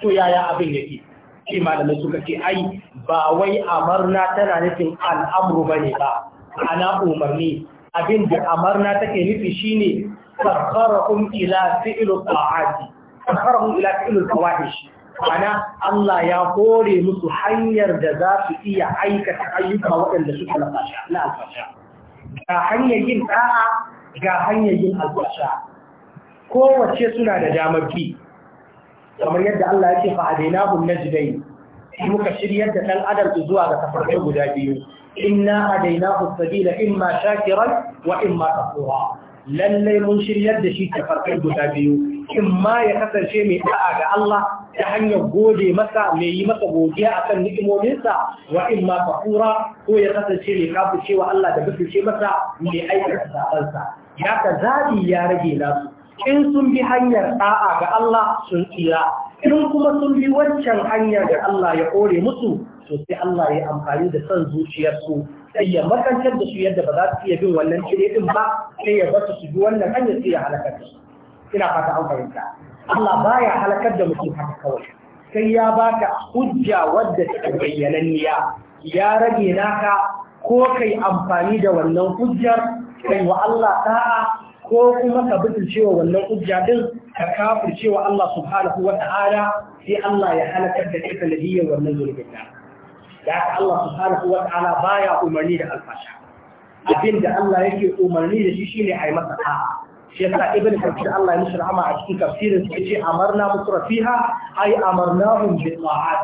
to yaya abin yake shi malamai suka ce ai ba wai amarna tana nufin al'amru bane ba ana umarni abin da amarna take nufi shine sakharahum ila fi'lu ta'ati sakharahum ila fi'lu fawahish ana Allah ya kore musu hanyar da za su iya aikata ayyuka waɗanda suka na ga hanyar yin ɗa'a ga hanyar yin alfasha kowace suna da damar bi kamar yadda Allah ya ce fa adainahu najdain muka shiryar da dan adam zuwa ga tafarkai guda biyu inna adainahu sabila imma shakiran wa imma kafura lallai mun shiryar da shi tafarkai guda biyu imma ya kasance mai da'a ga Allah ta hanyar gode masa mai yi masa godiya akan ni'imominsa wa imma kafura ko ya kasance mai wa Allah da bisu masa mai aikata sabansa ya ka zabi ya rage nasu in sun bi hanyar ɗa'a ga Allah sun tsira in kuma sun bi waccan hanyar da Allah ya kore musu to sai Allah ya amfani da son zuciyarsu sai ya makantar da su yadda ba za su iya bin wannan cire din ba sai ya basu su bi wannan hanyar sai ya halakar da su ina fata an fahimta Allah baya halakar da mutum haka kawai sai ya baka hujja wadda ta bayyananniya ya rage naka ko kai amfani da wannan hujjar kai wa Allah ta'a ko kuma ka bitin cewa wannan hujja din ka kafir cewa Allah subhanahu wa ta'ala sai Allah ya halakar da kai sanadiyyar wannan zulubin da da Allah subhanahu wa ta'ala baya umarni da alfasha abinda Allah yake umarni da shi shine a yi masa ta'a shi yasa ibn kathir Allah ya mishi rahama a cikin tafsirin sa yace amarna mutrafiha ay amarnahum bi ta'at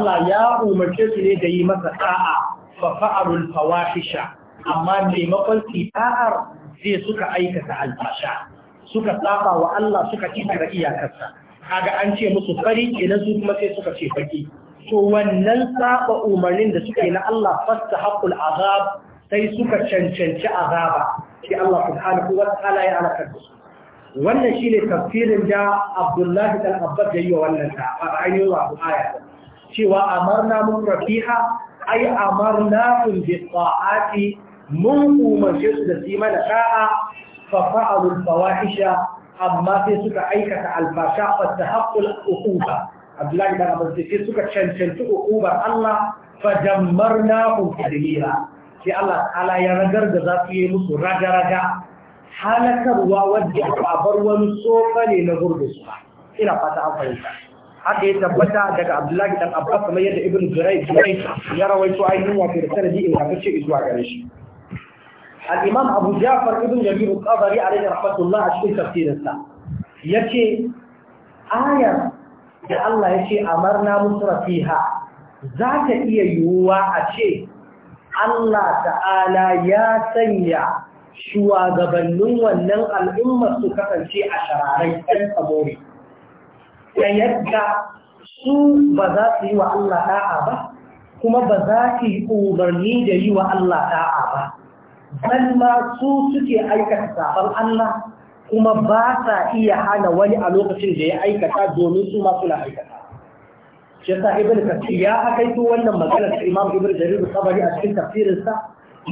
Allah ya umarce su ne da yi masa ta'a fa fa'alul fawahisha amma maimakon su ta'ar sai suka aikata albasha suka saba wa Allah suka kitara iyakarsa kaga an ce musu fari idan su kuma sai suka ce faki to wannan saba umarnin da suka yi na Allah fasta haqqul azab sai suka cancanci azaba sai Allah subhanahu wa ta'ala ya alaka da su wannan shine tafsirin da Abdullah ibn Abbas ya yi wa wannan ta a ainihin wa aya cewa amarna mutrafiha ay amarna bi ta'ati mun umarce su da su yi mana sa'a fa fa'alul fawahisha amma sai suka aikata albasha fa tahaqqul uquba Abdullahi dan Abbas sai suka cancanci uqubar Allah fa dammarnahum tadmira sai Allah ta'ala ya ragar da za su yi musu raga halakarwa wadda bar wani tsofa ne na gurbin su ina fata an fahimta haka ya tabbata daga abdullahi dan abbas kamar yadda ibn jurai ya rawaito ainihin wato da sanadi in kafa ce zuwa gare shi al'imam abu jafar ibn jami'u ƙabari a rikin rahmatullah a cikin tafsirinsa ya ce ayar da Allah ya ce amarna musrafiha za ta iya yiwuwa a ce Allah ta'ala ya sanya shugabannin wannan al'ummar su kasance a shararai ɗan tsamori ta yadda su ba za su yi wa Allah ɗa'a ba kuma ba za su yi umarni da yi wa Allah ɗa'a ba bal ma su suke aikata sabon Allah kuma ba sa iya hana wani a lokacin da ya aikata domin su ma suna aikata shi yasa ibn kasir ya akaito wannan maganar ta imam ibn jarir sabari a cikin tafsirinsa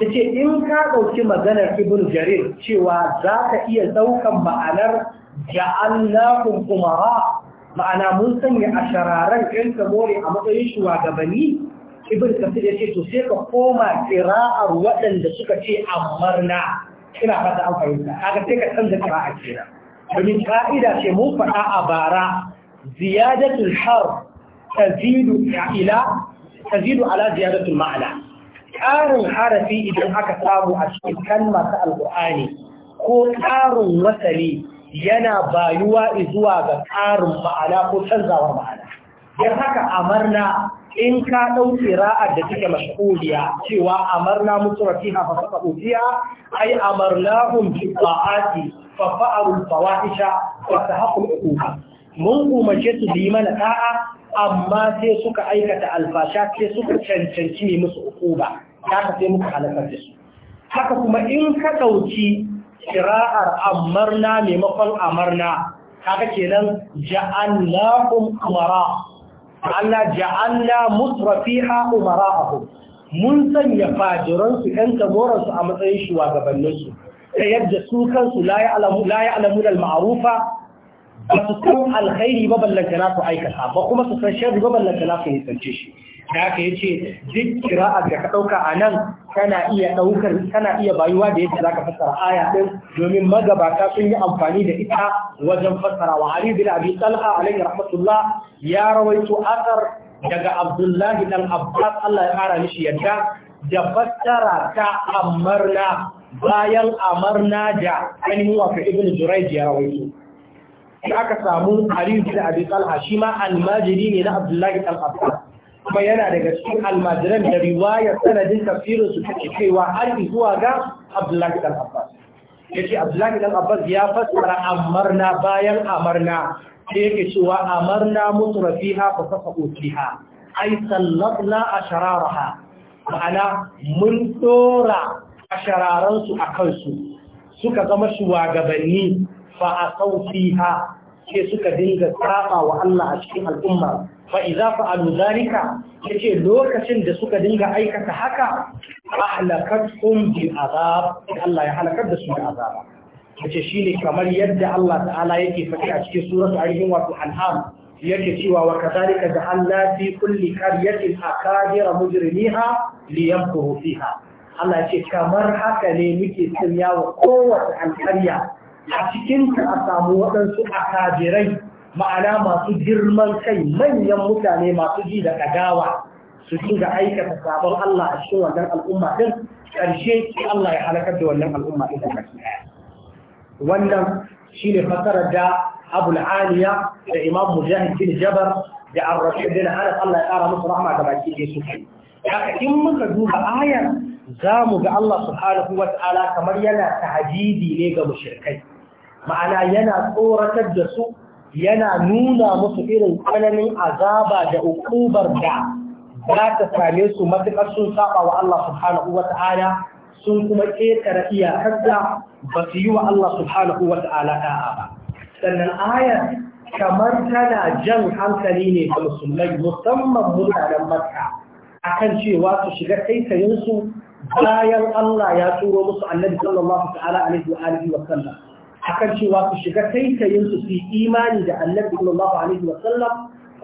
da ce in ka ɗauki maganar ibn jarir cewa za ka iya ɗaukan ma'anar ja'alnakum umara ma'ana mun sanya a shararen ƴan kamore a matsayin shugabanni ibn kafir ya ce to sai ka koma kira'ar waɗanda suka ce amarna ina fata an fahimta kaga sai ka canza kira'a kenan domin ka'ida ce mun faɗa a bara ziyadatul har tazidu ila tazidu ala ziyadatul ma'ana ƙarin harafi idan aka samu a cikin kalma ta alƙur'ani ko ƙarin wasali yana bayuwa zuwa ga ƙarin ma'ana ko canzawar ma'ana don haka amarna in ka ɗauki ra'ar da take mashhuriya cewa amarna mutura fiha fa faqa ufiya ay amarnahum bi ta'ati fa fa'alu fawahisha wa tahaqu uquba mun umarce su bi mana ta'a amma sai suka aikata alfasha sai suka cancanci ne musu uquba haka sai muka halakar da su haka kuma in ka ɗauki kira'ar amarna maimakon amarna haka kenan ja'alnahum umara. Allah ja'alna musrafiha umara'ahum mun sanya fajiransu ɗan tamoransu a matsayin shugabanninsu ta yadda su kansu la ya'lamu la ya'lamu al-ma'rufa ba su san alkhairi ba ballanta na su aikata ba kuma su san sharri ba ballanta na su nisance shi da aka ya ce duk kira'ar da ka ɗauka a nan kana iya ɗaukar kana iya bayuwa da yadda za ka fassara aya ɗin domin magabata sun yi amfani da ita wajen fassara wa ali bin abi talha alayhi rahmatullah ya rawaito asar daga abdullahi dan abbas Allah ya kara mishi yadda da fassara ta amarna bayan amarna da ainihin wato ibnu jurayj ya rawaito sai aka samu Ali bin Abi Talha shi ma almajiri ne na Abdullahi dan Abbas kuma yana daga cikin almajiran da riwaya sanadin tafsirin su take kaiwa har zuwa ga Abdullahi dan Abbas yace Abdullahi dan Abbas ya fassara amarna bayan amarna sai yake cewa amarna mutrafiha fa safaqu fiha ai sallatna ashararaha ma'ana mun dora ashararansu a kansu suka zama shugabanni fa asau fiha sai suka dinga saba wa Allah a cikin al'umma fa idza fa'alu zalika yace lokacin da suka dinga aikata haka ahlakatkum bi azab Allah ya halakar da su da azaba yace shine kamar yadda Allah ta'ala yake faɗi a cikin suratul arihim wa an'am yake cewa wa kadhalika ja'alna fi kulli qaryatin akabira mujrimiha liyamkuru fiha Allah ce kamar haka ne muke sanya wa kowace alƙarya a cikinta a samu waɗansu akajirai ma'ana masu girman kai manyan mutane masu ji da ɗagawa su dinga aikata sabon Allah a cikin wannan al'umma din ƙarshe sai Allah ya halakar da wannan al'umma din baki wannan shine fasarar da Abu aliya da Imam Mujahid bin Jabar da Ar-Rafi' bin Anas Allah ya ƙara musu rahma da baki ɗaya su kai haka in muka duba ayar za mu ga Allah subhanahu wa ta'ala kamar yana tahajidi ne ga mushrikai ma'ana yana tsoratar da su yana nuna musu irin tsananin azaba da ukubar da za ta same su matuƙar sun saba wa Allah subhanahu wa ta'ala sun kuma ƙetare iyakar da ba su yi wa Allah subhanahu wa ta'ala ba sannan ayar kamar tana jan hankali ne ga musulmai musamman mutanen makka akan cewa su shiga taitayinsu bayan Allah ya turo musu annabi sallallahu ta'ala alaihi wa alihi wa sallam akan cewa su shiga yin su fi imani da annabi sallallahu alaihi wa sallam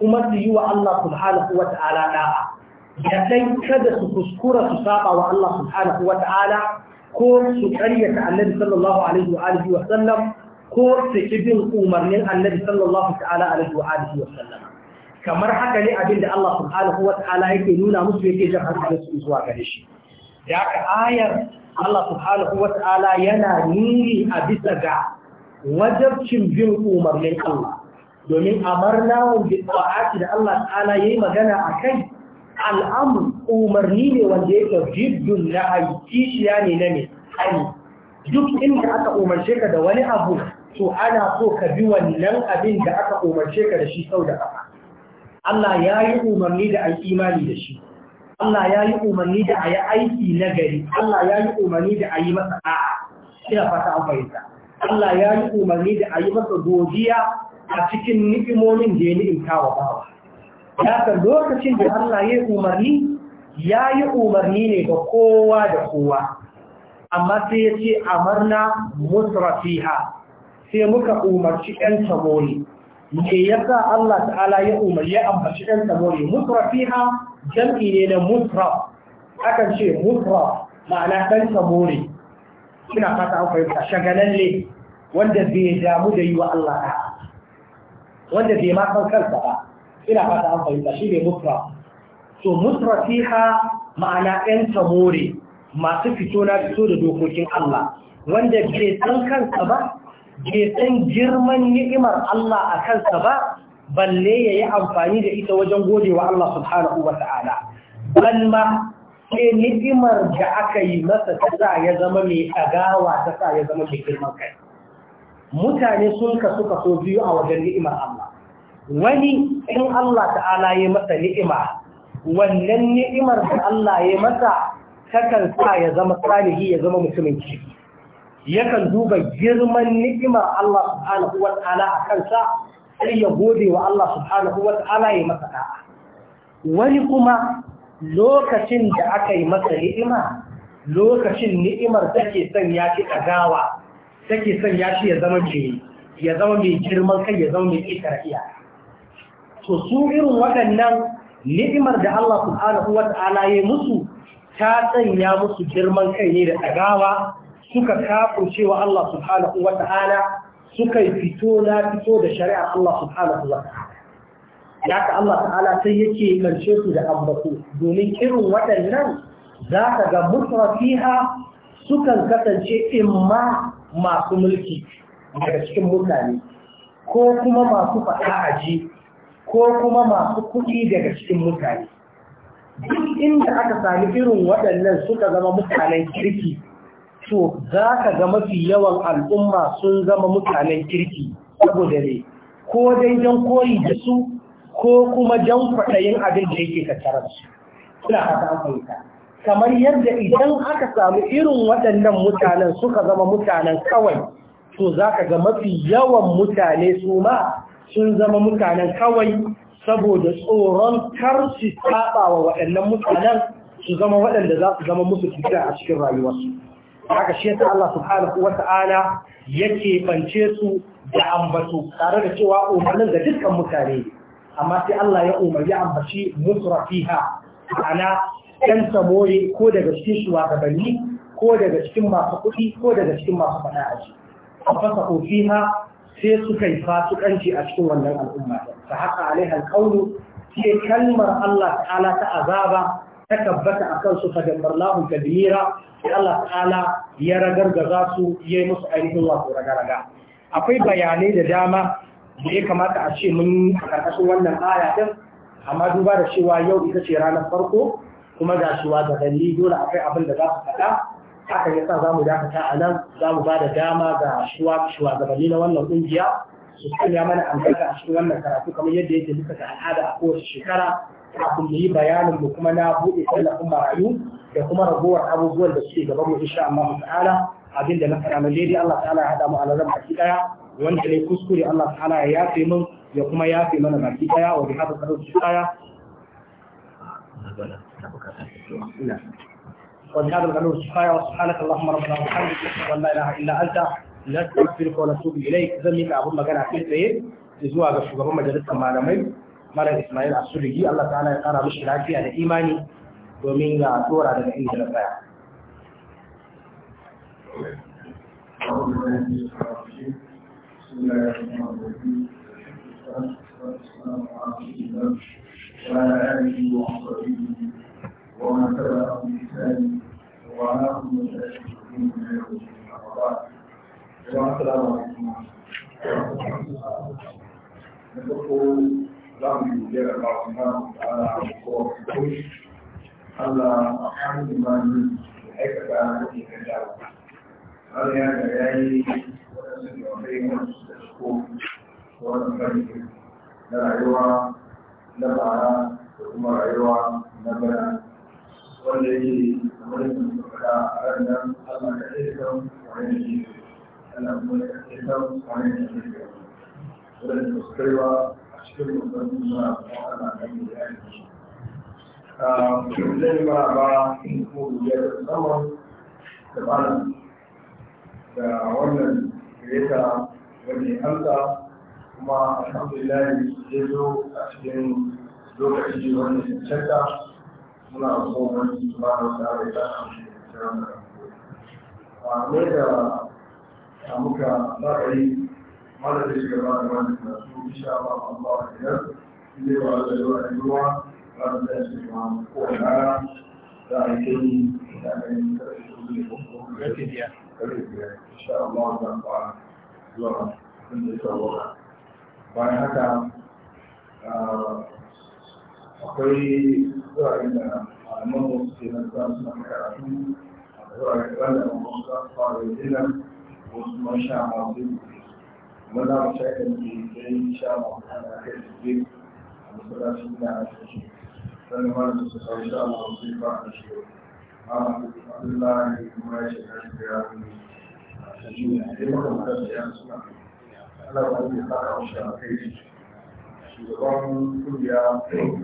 kuma su yi wa Allah subhanahu wa ta'ala da'a da dan kada su kuskura su saba wa Allah subhanahu wa ta'ala ko su karyata annabi sallallahu alaihi wa alihi wa sallam ko su kibin umarnin annabi sallallahu ta'ala alaihi wa alihi wa sallam kamar haka ne abinda Allah subhanahu wa ta'ala yake nuna musu yake jan hankalin su zuwa gare shi da aka ayar Allah subhanahu wa ta'ala yana nuni a bisa ga wajabcin bin umarnin Allah domin amarna wa bi da Allah ta'ala yayi magana akai al'amr umarni ne wanda yake jiddun na aiki ya ne na ne hali duk inda aka umarce ka da wani abu to ana so ka bi wannan abin da aka umarce ka da shi sau da kafa. Allah ya yi umarni da an imani da shi Allah ya yi umarni da a yi aiki na gari Allah ya yi umarni da a yi masa a ina fata an fahimta Allah ya yi umarni da a yi masa godiya a cikin ni'imomin da ya ni'imta kawo bawa ya san lokacin da Allah ya yi umarni ya yi umarni ne ga kowa da kowa amma sai ya ce amarna musrafiha sai muka umarci ɗan samori me yasa Allah ta'ala ya umarci ɗan samori musrafiha jam'i ne na mutra akan ce mutra ma'ana ɗan samore suna fata an fahimta shagalalle wanda bai damu da yi wa Allah ɗa wanda bai ma kan kansa ba ina fata an fahimta shi ne mutra to mutra fiha ma'ana ɗan samore masu fito na fito da dokokin Allah wanda bai san kansa ba bai san girman ni'imar Allah a kansa ba balle ya yi amfani da ita wajen godewa Allah subhanahu wa ta'ala ban ma sai ni'imar da aka yi masa ta sa ya zama mai agawa ta sa ya zama mai girman kai mutane sun kasu kaso biyu a wajen ni'imar Allah wani in Allah ta'ala ya masa ni'ima wannan ni'imar da Allah ya masa takan sa ya zama salihi ya zama mutumin ciki yakan duba girman ni'imar Allah subhanahu wa ta'ala a kansa sai ya gode wa Allah subhanahu wa ta'ala ya masa da'a wani kuma lokacin da aka yi masa ni'ima lokacin ni'imar take son ya ci ɗagawa take son ya ci ya zama mai ya zama mai girman kai ya zama mai ƙetare iyaka to su irin waɗannan ni'imar da Allah subhanahu wa ta'ala ya musu ta sanya musu girman kai ne da ɗagawa suka kafu cewa Allah subhanahu wa ta'ala suka fito na fito da shari'a Allah subhanahu wa ta'ala ya ka Allah ta'ala sai yake karshe su da ambatu. domin irin waɗannan za ka ga mutrafiha sukan kasance imma masu mulki daga cikin mutane ko kuma masu faɗa aji ko kuma masu kuɗi daga cikin mutane duk inda aka sami irin waɗannan suka zama mutanen kirki to za ka ga mafi yawan al'umma sun zama mutanen kirki saboda ne ko dai don koyi da su ko kuma jan kwaɗayin abin da yake tattara su suna haka an kamar yadda idan aka samu irin waɗannan mutanen suka zama mutanen kawai to za ka ga mafi yawan mutane su ma sun zama mutanen kawai saboda tsoron kar su wa waɗannan mutanen su zama waɗanda za su zama musu fita a cikin rayuwarsu haka shi yasa Allah subhanahu yake bance su da ambatu tare da cewa umarnin ga dukkan mutane amma sai Allah ya umarci ambaci musrafiha ana ɗan samoye ko daga cikin shugabanni ko daga cikin masu kuɗi ko daga cikin masu faɗa a ji a fasa ofiha sai suka yi fasikanci a cikin wannan al'umma ta haka alaiha alƙawlu ke kalmar Allah ta'ala ta azaba ta tabbata a kansu fa dabbar lahun kadira sai Allah ta'ala ya za su ya yi musu ainihin wato raga-raga akwai bayanai da dama da ya kamata a ce mun a karkashin wannan aya ɗin amma duba da cewa yau ita ce ranar farko kuma ga shi da dalili dole akwai abin da za su faɗa haka ya sa za mu dakata a nan za mu ba da dama ga shugabanni na wannan ƙungiya su sanya mana amfani a cikin wannan karatu kamar yadda yake bisa al'ada a kowace shekara kafin mu yi bayanin mu kuma na buɗe tallafin marayu da kuma ragowar abubuwan da suke gaban mu insha Allah ta'ala abin da na faɗa na daidai Allah ta'ala ya hada mu alaran baki daya wanda ne kuskure Allah ta'ala ya yafe mun ya kuma yafe mana baki daya wa bi hada sarauci shi daya wa subhanaka allahumma rabbana wa bihamdika نشهد ان لا اله الا انت نستغفرك ونتوب اليك zan yi abun magana kai tsaye zuwa ga shugaban majalisar malamai malam Ismail Asurigi Allah ta'ala ya kara mishi lafiya da imani domin ya tsora daga inda na tsaya. وعلى آله وصحبه ومن تبعهم بإحسان وعلى كل شيء من يوم السلام عليكم ورحمة الله وبركاته za mu yi biyar da wasu na ala ko kush Allah a hannun mani da aikata da ke kan Allah ya ga ya yi wadansu da wani wasu da suko da wani farki na rayuwa na bara da kuma rayuwa na bara wanda yake kamar yadda muka faɗa a ranar Allah ka ɗaya wani da ke Allah kuma ya ɗaya wani ya ke Wani wadanda cikin mutum suna kuma ana ganin yanki zai ba in kuma biyar da wannan greta wani hanta kuma alhamdulillah ya zo a cikin lokaci wani cancanta muna kuma su ba da tsari da amshi da da muka tsakari ماذا بيجي بعد ما نشوف إن شاء الله الله خير اللي بعد الوقت الجمعة بعد ذلك مع قولنا داعيين داعيين إن شاء الله تعالى الله آه، إن شاء الله بعد هذا akwai zuwa inda malaman wasu ke nan za su na karatu a zuwa ga ɗan da mamakon fara yi nan wasu masha masu yi muna mashaikin da ke yi sha ma'ana a kai su ke a masarashi na a cikin sannan wani su sau sha ma'ana ba a shi amma abdullahi ne kuma ya shiga shi da yaro ne a cikin a yi makamata da yan suna ana wani da ta kawo shi a kai shi shugaban kuriya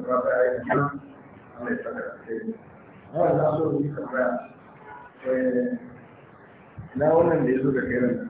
rata ya yi nan ana yi saka a kai ne a na so da yi tambaya eh, Ina wannan da ya zo da kai nan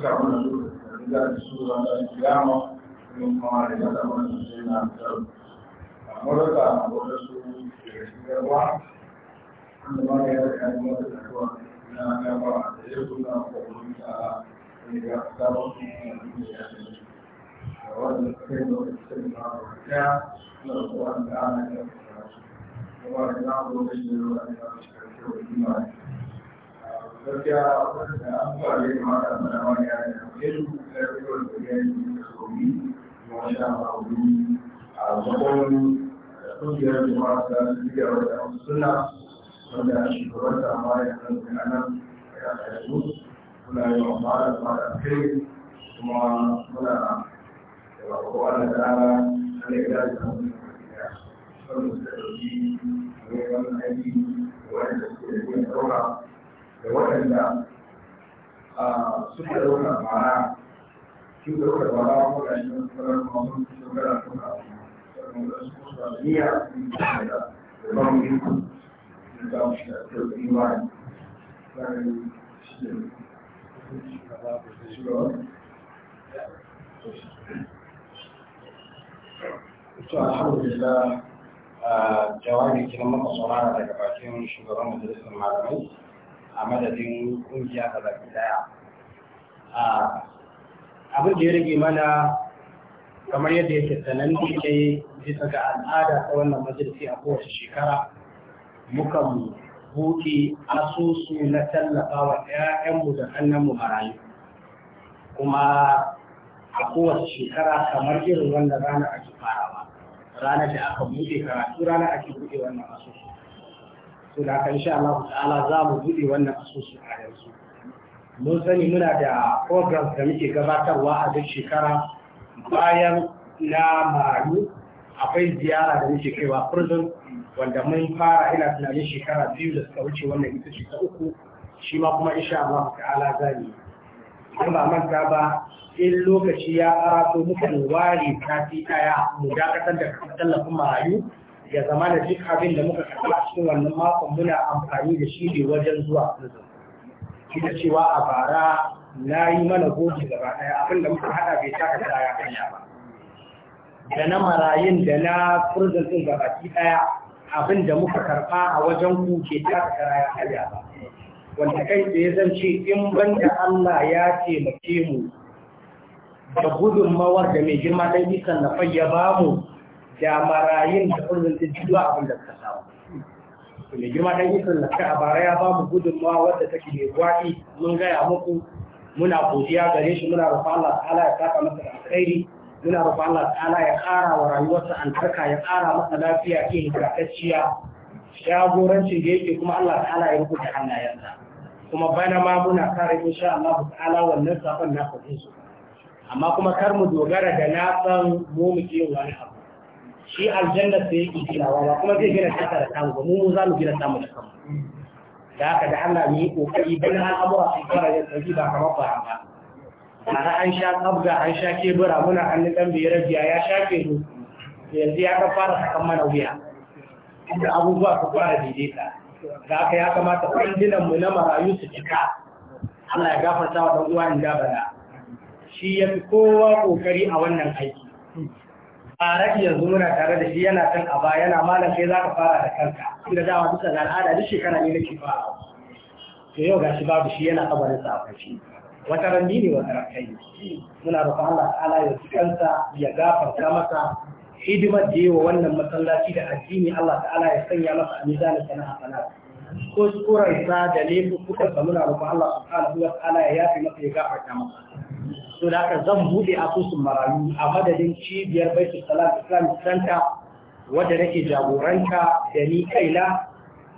suka mana su da su ranar kiyama domin da ya zama su sai na tsaro a murka a wata su daga shigarwa an da mana ya zaka yi mata taruwa na gaba da ya kuna kwakwun ta daga sabon su da ya zai da wanda kai da wata cikin na kwakwata na kwakwata da ana yi da kuma da na kwakwata da ya zai da kwakwata da ya zai gaskiya da abubuwa da ya a mana wani ya da ya a zaɓon kungiyar jama'a da su biya wa da suna wanda ta muna yi kuma muna da kowa da yi da ta wani wanda suka ɗauki wani suke da yin ɗauka da waɗanda suka ɗaukar bara su da ɗaukar bara ko da shi na tsarar mamun shugara suna sannan da su kusa da niyya da ban yi da za mu shi da kyau da imani tsarin shi da shugaban to alhamdulillah jawabi kiran maka saurara daga bakin shugaban majalisar malamai a madadin ƙungiya ga baki daya abin da ya rage mana kamar yadda yake da ke bisa ga al'ada ta wannan majalisi a kowace shekara mukan buɗe asusu na tallafa wa 'ya'yanmu da hannunmu marayu kuma a kowace shekara kamar irin wannan rana ake farawa rana da aka buɗe karatu rana ake buɗe wannan asusu to da aka insha Allah ta'ala za mu buɗe wannan asusu a yanzu mun sani muna da program da muke gabatarwa a duk shekara bayan na maru akwai ziyara da muke kaiwa prison wanda mun fara ina tunanin shekara biyu da suka wuce wannan ita ce ta uku shi ma kuma insha Allah ta'ala za mu idan ba manta ba in lokaci ya karato mukan ware kafi daya mu dakatar da tallafin marayu ya zama da duk abin da muka karɓa a cikin wannan makon muna amfani da shi ne wajen zuwa ita cewa a bara na yi mana goji gaba ɗaya abin da muka haɗa bai taka da ya kanya ba da na marayun da na furzin ɗin gaba ɗaya abin da muka karɓa a wajen ku ke taka da ya kanya ba wanda kai tsaye zan ce in banda Allah ya taimake mu da gudunmawar da mai girma ɗan isan na fayya ba mu da marayun da kullum ta ji zuwa abin da suka samu mai girma dan isin na a bara ya ba mu gudunmawa wadda take mai gwaɗi mun gaya muku muna godiya gare shi muna rufa Allah ta'ala ya saka masa da alkhairi muna rufa Allah ta'ala ya ƙara wa rayuwarsa tarka ya ƙara masa lafiya ke hikatacciya jagorancin da yake kuma Allah ta'ala ya rubuta hannayensa kuma bana ma muna kare insha Allah ta'ala wannan safan na kudin su amma kuma kar mu dogara da na san mu muke wani abu shi aljanna sai yake ginawa ba kuma zai gina kasa da samu ba mu za mu gina samu da kanmu da haka da Allah yi kokari dan al'amura sun fara yin sauki ba kamar ba ba tare an sha kabga an sha kebura muna an dan biyar biya ya shafe mu yanzu ya fara sakan mana wuya inda abubuwa su fara daidaita da haka ya kamata kundinan mu na marayu su cika Allah ya gafarta wa dan uwa in inda bala shi ya fi kowa kokari a wannan aiki faraki yanzu muna tare da shi yana kan aba yana malam sai za ka fara da kanka shi da dama duka na al'ada duk shekara ne nake fara to yau gashi babu shi yana kabarin sa a shi wata randi ne wata rakai muna roƙon Allah ta'ala ya kansa ya gafarta masa hidimar da yawa wannan masallaci da addini Allah ta'ala ya sanya masa a mizanin sana'a sana'a ko tsoron sa da laifukan sa muna roƙon Allah ta'ala ya yafe masa ya gafarta masa Su da aka zan buɗe asusun marayu a madadin cibiyar baitul salam islamic center wadda nake jagoranta da ni kaina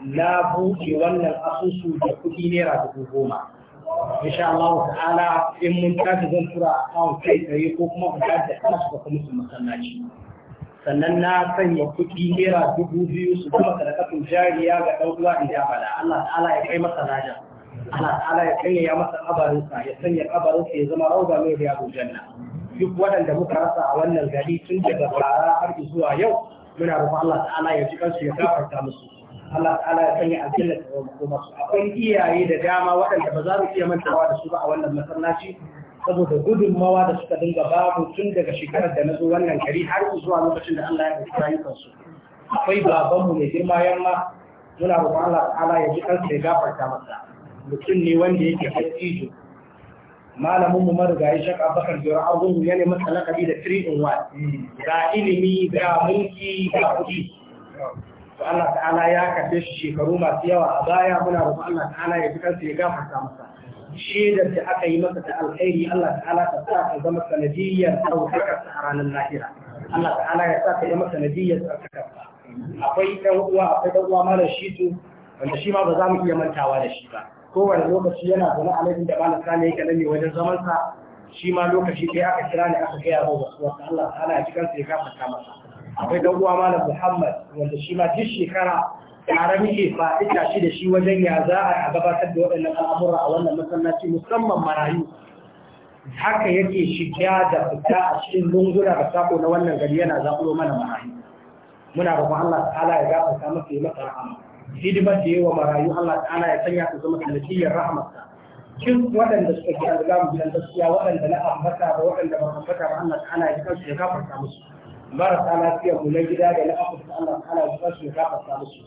na buɗe wannan asusu da kuɗi naira dubu goma insha Allah ta'ala in mun tafi zan tura account kai tsaye ko kuma ku tafi da kansu da kuma su masallaci sannan na sanya kuɗi naira dubu biyu su kuma sadakatun jariya ga ɗan uwa ja bala Allah ta'ala ya kai masa lajar Ala Allah ta'ala ya sanya masa abarinsa, ya sanya abarinsa ya zama rauda mai da yabo janna duk waɗanda muka rasa a wannan gari tun daga bara har zuwa yau muna roƙon Allah ta'ala ya ji kansu ya gafarta musu Allah ta'ala ya sanya aljanna ta zama kuma su akwai iyaye da dama waɗanda ba za mu iya mantawa da su ba a wannan masallaci saboda gudunmawa da suka dinga babu tun daga shekarar da na zo wannan gari har zuwa lokacin da Allah ya ɗauki rayukansu akwai babanmu mai girma yamma muna roƙon Allah ta'ala ya ji kansu ya gafarta masa mutum ne wanda yake hajjijo malamin mu marigayi shak bakar jira abun ya ne masa lakabi da 3 in 1 ga ilimi ga mulki ga kuɗi to Allah ta'ala ya kafe shi shekaru masu yawa a baya muna roƙon Allah ta'ala ya fi kansa ya gafarta masa shaidar da aka yi masa da alkhairi Allah ta'ala ta sa ka zama sanadiyyar ɗaukakar a ranar lahira Allah ta'ala ya sa ka zama sanadiyyar ɗaukakar akwai ɗan uwa akwai ɗan uwa mara shi wanda shi ma ba za mu iya mantawa da shi ba kowane lokaci yana zaune a nan da malam sani ya kalami wajen zaman sa shi ma lokaci ɗaya aka kira ne aka gaya mu wasu wata Allah ta'ala ya cikin sai kafa ta masa akwai dan uwa malam Muhammad wanda shi ma duk shekara tare muke ba ita shi da shi wajen ya za a gabatar da waɗannan al'amura a wannan masallaci musamman marayu haka yake shiga da fita a cikin lunguna da sako na wannan gari yana zaɓo mana marayu muna roƙon Allah ta'ala ya gafarta masa ya masa rahama hidimar da yawa marayu Allah ta'ala ya sanya su zama sanadiyyar rahmatsa cin waɗanda suka ji da zamu gidan gaskiya waɗanda na ambata ba waɗanda ba ambata ba Allah ta'ala ya kansu ya gafarta musu marasa lafiya mu na gida da na afirka Allah ta'ala ya kansu ya gafarta musu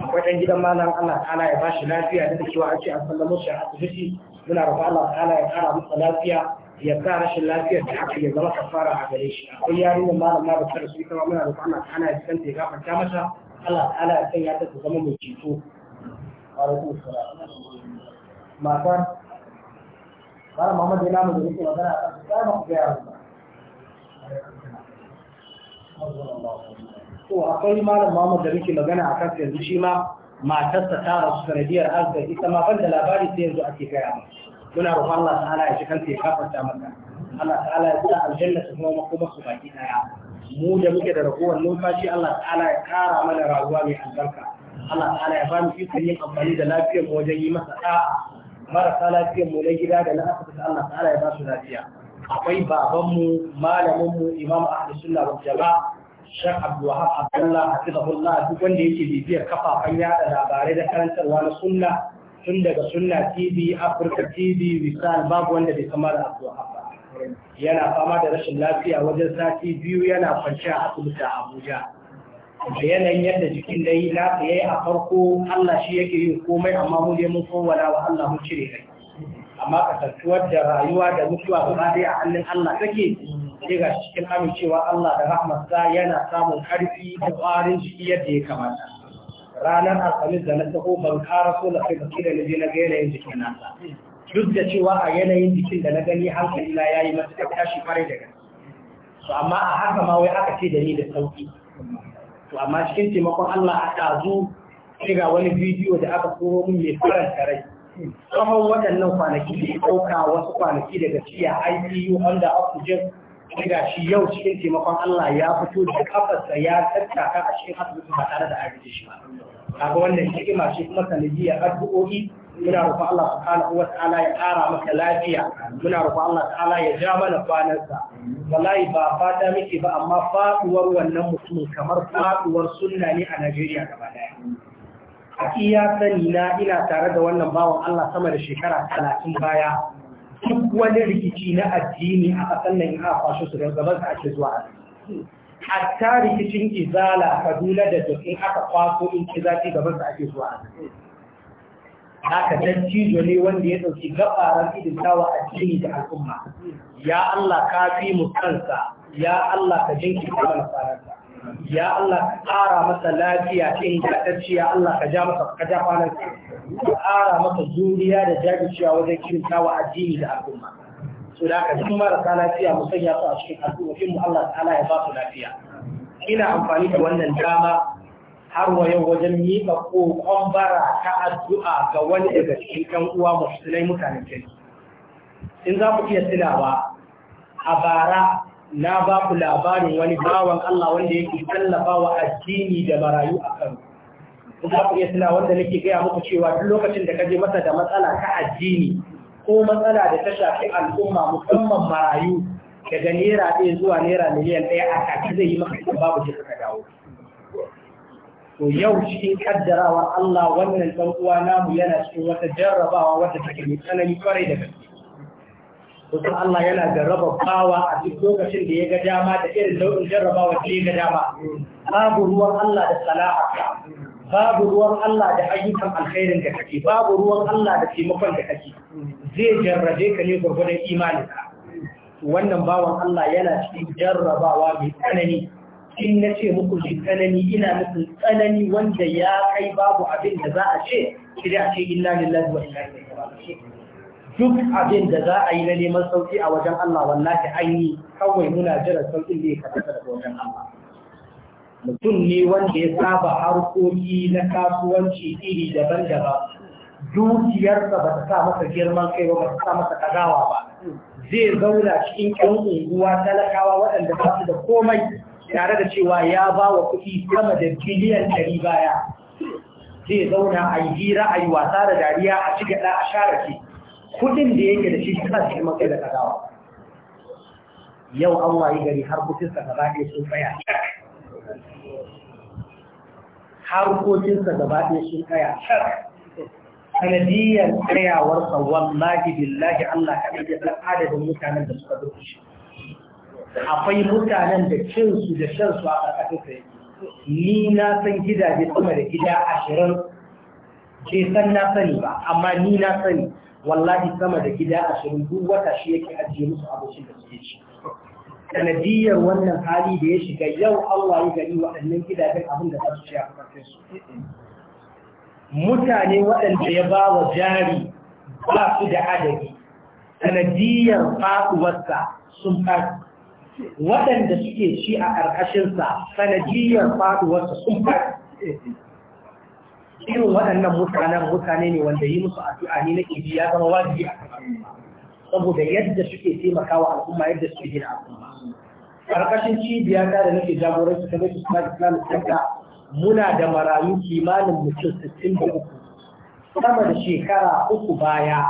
akwai ɗan gidan malam Allah ta'ala ya bashi lafiya da cewa ake ce an sallamo shi a asibiti muna rufe Allah ta'ala ya ƙara masa lafiya ya sa rashin lafiyar da haka ya zama kafara a gare shi akwai yarinyar malam na da ta ita ma muna rufe Allah ta'ala ya kansu ya gafarta masa Ala ta'ala kan ya ta zama mai ceto alaikum salam mata ba Muhammad ya namu da yake magana a kan sai mu ga yaro to akwai malam Muhammad da muke magana a kan yanzu shi ma matarsa ta rasu sanadiyar arziki ita ma ban da labari sai yanzu ake gaya muna roƙon Allah ta'ala ya shi kanta ya kafarta mata. Allah ta'ala ya sa aljanna ta kuma makoma su baki daya mu da muke da ragowar numfashi Allah ta'ala ya kara mana rayuwa mai albarka Allah ta'ala ya bamu ikon yin amfani da lafiyar mu wajen yi masa da'a marasa lafiyar mu na gida da na asibiti Allah ta'ala ya ba su lafiya akwai babanmu malaminmu imam ahli sunna wal jama'a shek abdulwahab abdullah hafizahullah duk wanda yake bibiyar kafafan yada labarai da karantarwa na sunna tun daga sunna tv afirka tv misal babu wanda bai kamar abdulwahab yana fama da rashin lafiya wajen sati biyu yana kwanci a asibiti a abuja da yanayin yadda jikin da yi lafi ya yi a farko allah shi yake yin komai amma mu mun kowala wa allah mun cire kai amma kasantuwar da rayuwa da mutuwa gaba dai a hannun allah take sai ga cikin amincewa allah da rahmatsa yana samun karfi da ƙwarin jiki yadda ya kamata ranar alhamis da na taho ban kara so na kai da na je na ga yanayin jikin nasa duk da cewa a yanayin jikin da na gani hankali na yayi matuƙar tashi farai da gaske to amma a haka ma wai aka ce da ni da sauki to amma cikin taimakon Allah a tazo shiga wani bidiyo da aka koro min mai faranta rai tsawon waɗannan kwanaki da ya ɗauka wasu kwanaki daga ciya ICU under oxygen shiga shi yau cikin taimakon Allah ya fito da kafarsa ya tattaka a cikin asibiti ba tare da arziki shi ba kaga wannan hikima shi kuma sanadiyar addu'o'i muna roƙon Allah subhanahu wata'ala ya ƙara maka lafiya muna roƙon Allah ta'ala ya ja mana kwanansa wallahi ba fata muke ba amma faɗuwar wannan mutumin kamar faɗuwar sunna ne a Najeriya gaba daya. a iya sani na ina tare da wannan bawan Allah sama da shekara talatin baya duk wani rikici na addini a ƙasar nan ina kwashe su don gaban ake zuwa hatta rikicin izala kaduna da duk aka kwaso in ki zafi gaban ake zuwa haka dan cijo ne wanda ya dauki gabaran idin tawa addini da al'umma ya Allah ka fi mu kansa ya Allah ka jinki kamar faranta ya Allah ka ƙara masa lafiya in kaɗaciya Allah ka ja masa kaja kwanar ka ƙara masa juriya da jajircewa wajen kirin tawa addini da al'umma so da haka duk marasa lafiya mu sanya su a cikin al'umma mu Allah ta'ala ya ba su lafiya ina amfani da wannan dama har wa yau wajen ba kokon bara ta addu'a ga wani daga cikin ɗan uwa musulmai mutane kirki. In za ku iya tunawa, a bara na ba ku labarin wani bawan Allah wanda yake tallafa wa addini da marayu a kan In za ku iya tuna wanda nake gaya muku cewa duk lokacin da ka je masa da matsala ta addini ko matsala da ta shafi al'umma musamman marayu daga naira ɗaya zuwa naira miliyan ɗaya a kaki zai yi maka babu shi ka dawo. to yau cikin kaddarawar Allah wannan ɗan uwa namu yana cikin wata jarrabawa wadda take mai tsanani kwarai da gaske kusa Allah yana raba bawa a duk lokacin da ya ga dama da irin nau'in jarrabawa da ya ga dama babu ruwan Allah da sana'arka babu ruwan Allah da ayyukan alkhairin da kake babu ruwan Allah da taimakon da kake zai jarrabe ka ne gurgurdan imaninka wannan bawan Allah yana cikin jarrabawa mai tsanani in na ce muku ji tsanani ina muku tsanani wanda ya kai babu abin da za a ce shi a ce inna lillahi wa inna ilaihi duk abin da za a yi na neman sauki a wajen Allah wallahi an yi kawai muna jira saukin da ya karɓa daga wajen Allah mutum ne wanda ya saba harkoki na kasuwanci iri daban-daban dukiyarsa ba ta sa masa girman kai ba ba ta sa masa kagawa ba zai zauna cikin ƴan unguwa talakawa waɗanda ba su da komai tare da cewa ya ba wa kuɗi sama da biliyan ɗari baya zai zauna a yi hira a yi wasa da dariya a ci gaɗa a share shi kuɗin da yake da shi kana cikin kai da kazawa yau an wayi gari har kutinsa gaba ɗaya sun tsaya harkokinsa gaba ɗaya sun tsaya sanadiyyar tsayawarsa wallahi billahi Allah ka ɗaya ɗan adadin mutanen da suka shi. akwai mutanen da cinsu da shansu a ƙarƙashin sa yake ni na san gidaje sama da gida ashirin ke san na sani ba amma ni na sani wallahi sama da gida ashirin duk wata shi yake ajiye musu abincin da suke ci sanadiyar wannan hali da ya shiga yau Allah ya gari waɗannan gidajen abin da za su ci a su mutane waɗanda ya ba wa jari ba su da adadi sanadiyar faɗuwarsa sun faɗi waɗanda suke ci a ƙarƙashinsa sanadiyar faɗuwarsa sun faɗi irin waɗannan mutanen mutane ne wanda yi musu addu'a ne nake ji ya zama wajibi a kan saboda yadda suke taimakawa al'umma yadda suke gina al'umma ƙarƙashin cibiya ta da nake jagoranci ta bai suna islamic center muna da marayu kimanin mutum sittin da uku sama da shekara uku baya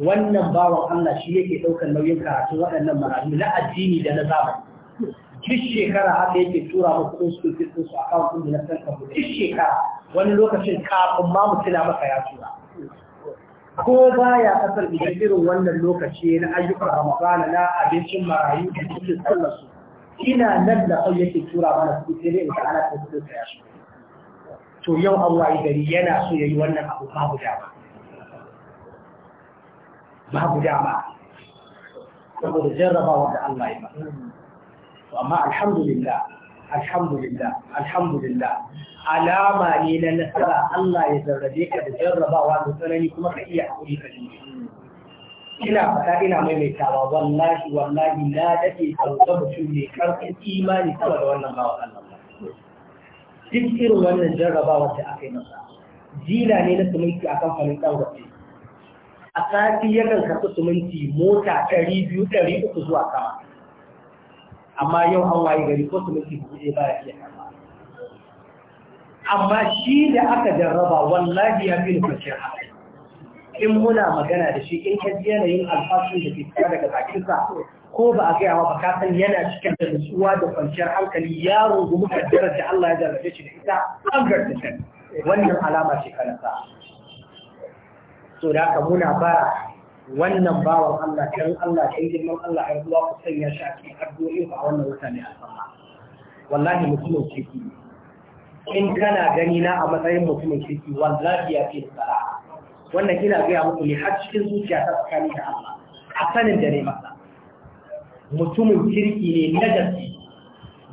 wannan bawan Allah shi yake ɗaukar nauyin karatu waɗannan marayu na addini da na zamani duk shekara haka yake tura mu kuɗin su kuɗin su akawun kuɗin na san kabu duk shekara wani lokacin kafin ma mutuna tuna maka ya tura ko baya kasar idan irin wannan lokaci na ayyukan ramadana na abincin marayu da cikin sallar su ina nan da kawai yake tura mana su sai dai in ana ta kuɗin sa ya to yau Allah ya gari yana so ya yi wannan abu babu dama babu dama saboda jarrabawa da Allah ya masa amma alhamdulillah alhamdulillah alhamdulillah alama ne na nasara Allah ya zarrabe ka da jarrabawa da tsanani kuma ka iya hakuri ka ji ina fata ina maimaitawa wallahi wallahi na dake tsauka mutum ne karfin imani sama da wannan bawa Allah duk irin wannan jarrabawa da aka yi masa jila ne na sumaiti a kamfanin ɗan wasu a sati yakan karɓi suminti mota ɗari biyu ɗari uku zuwa sama amma yau an waye gari ko suminti ba ya iya karɓa amma shi da aka jarraba wallahi ya fi kwanciyar in muna magana da shi in ka yanayin alfasun da ke fita daga bakinsa ko ba a gaya wa ba ka yana cikin da nutsuwa da kwanciyar hankali yaro gumi kaddarar da Allah ya jarrabe shi da ita an gartace wannan alama ce sa'a. so da haka muna ba wannan bawan Allah kan Allah kan girman Allah har zuwa ku sanya shi a cikin addu'o'i ba wannan wata ne alfarma wallahi mutumin kirki in kana gani na a matsayin mutumin kirki wallahi ya fi tsara wannan ina gaya muku ne har cikin zuciya ta tsakani da Allah a sanin da ne masa mutumin kirki ne na gaske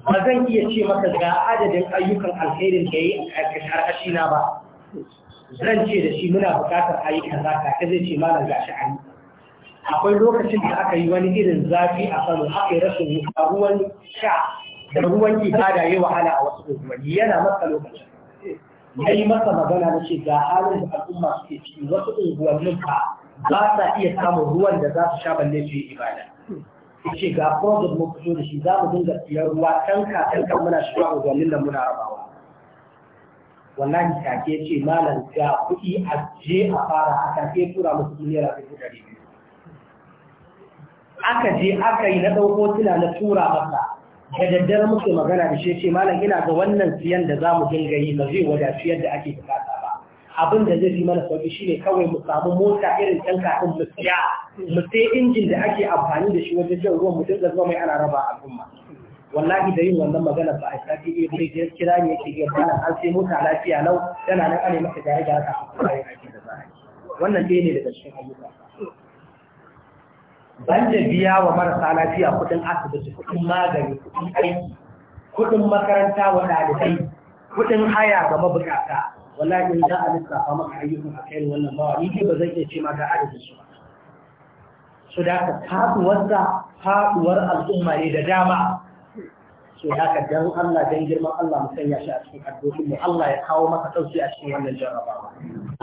ba zan iya ce maka ga adadin ayyukan alherin da ya yi a ƙarƙashin na ba zan ce da shi muna bukatar a yi ta zai ce malam gashi a yi akwai lokacin da aka yi wani irin zafi a kano aka yi rashin wuta ruwan sha da ruwan ibada ya wahala a wasu unguwanni yana masa lokacin ya yi masa magana na ce ga halin da al'umma ke ciki wasu unguwannin ba ba sa iya samun ruwan da za su sha balle su yi ibada ce ga da mu fito da shi za mu dinga siyan ruwa tanka tanka muna shiga unguwannin da muna rabawa wallahi take ce malam ga kuɗi a je a fara a ke tura musu naira dubu ɗari biyu aka je aka yi na ɗauko tuna na tura masa da daddare muke magana da shi ce malam ina ga wannan siyan da za mu dinga yi ba zai wadaci yadda ake bukata ba abin da zai fi mana sauki shine kawai mu samu mota irin can kafin mu siya mu sai injin da ake amfani da shi wajen jan ruwan mu dinga zuwa mai ana raba al'umma wallahi da yin wannan magana ba a sati iya bai jiyar kira ne yake iya bana an sai mota lafiya lau yana nan ana maka gare gare ka kayan aiki da za wannan ɗaya ne daga cikin ayyuka ban da biya wa marasa lafiya kuɗin asibiti kuɗin magani kuɗin aiki kuɗin makaranta wa ɗalibai kuɗin haya ga mabukata wallahi in za a lissafa maka ayyukan a kai wannan bawa ni ba zan iya ce ma ga adadin su ba su da ka faɗuwarsa faɗuwar al'umma ne da dama so haka dan Allah dan girman Allah mu sanya shi a cikin addu'o'in mu Allah ya kawo maka sauki a cikin wannan jarrabawa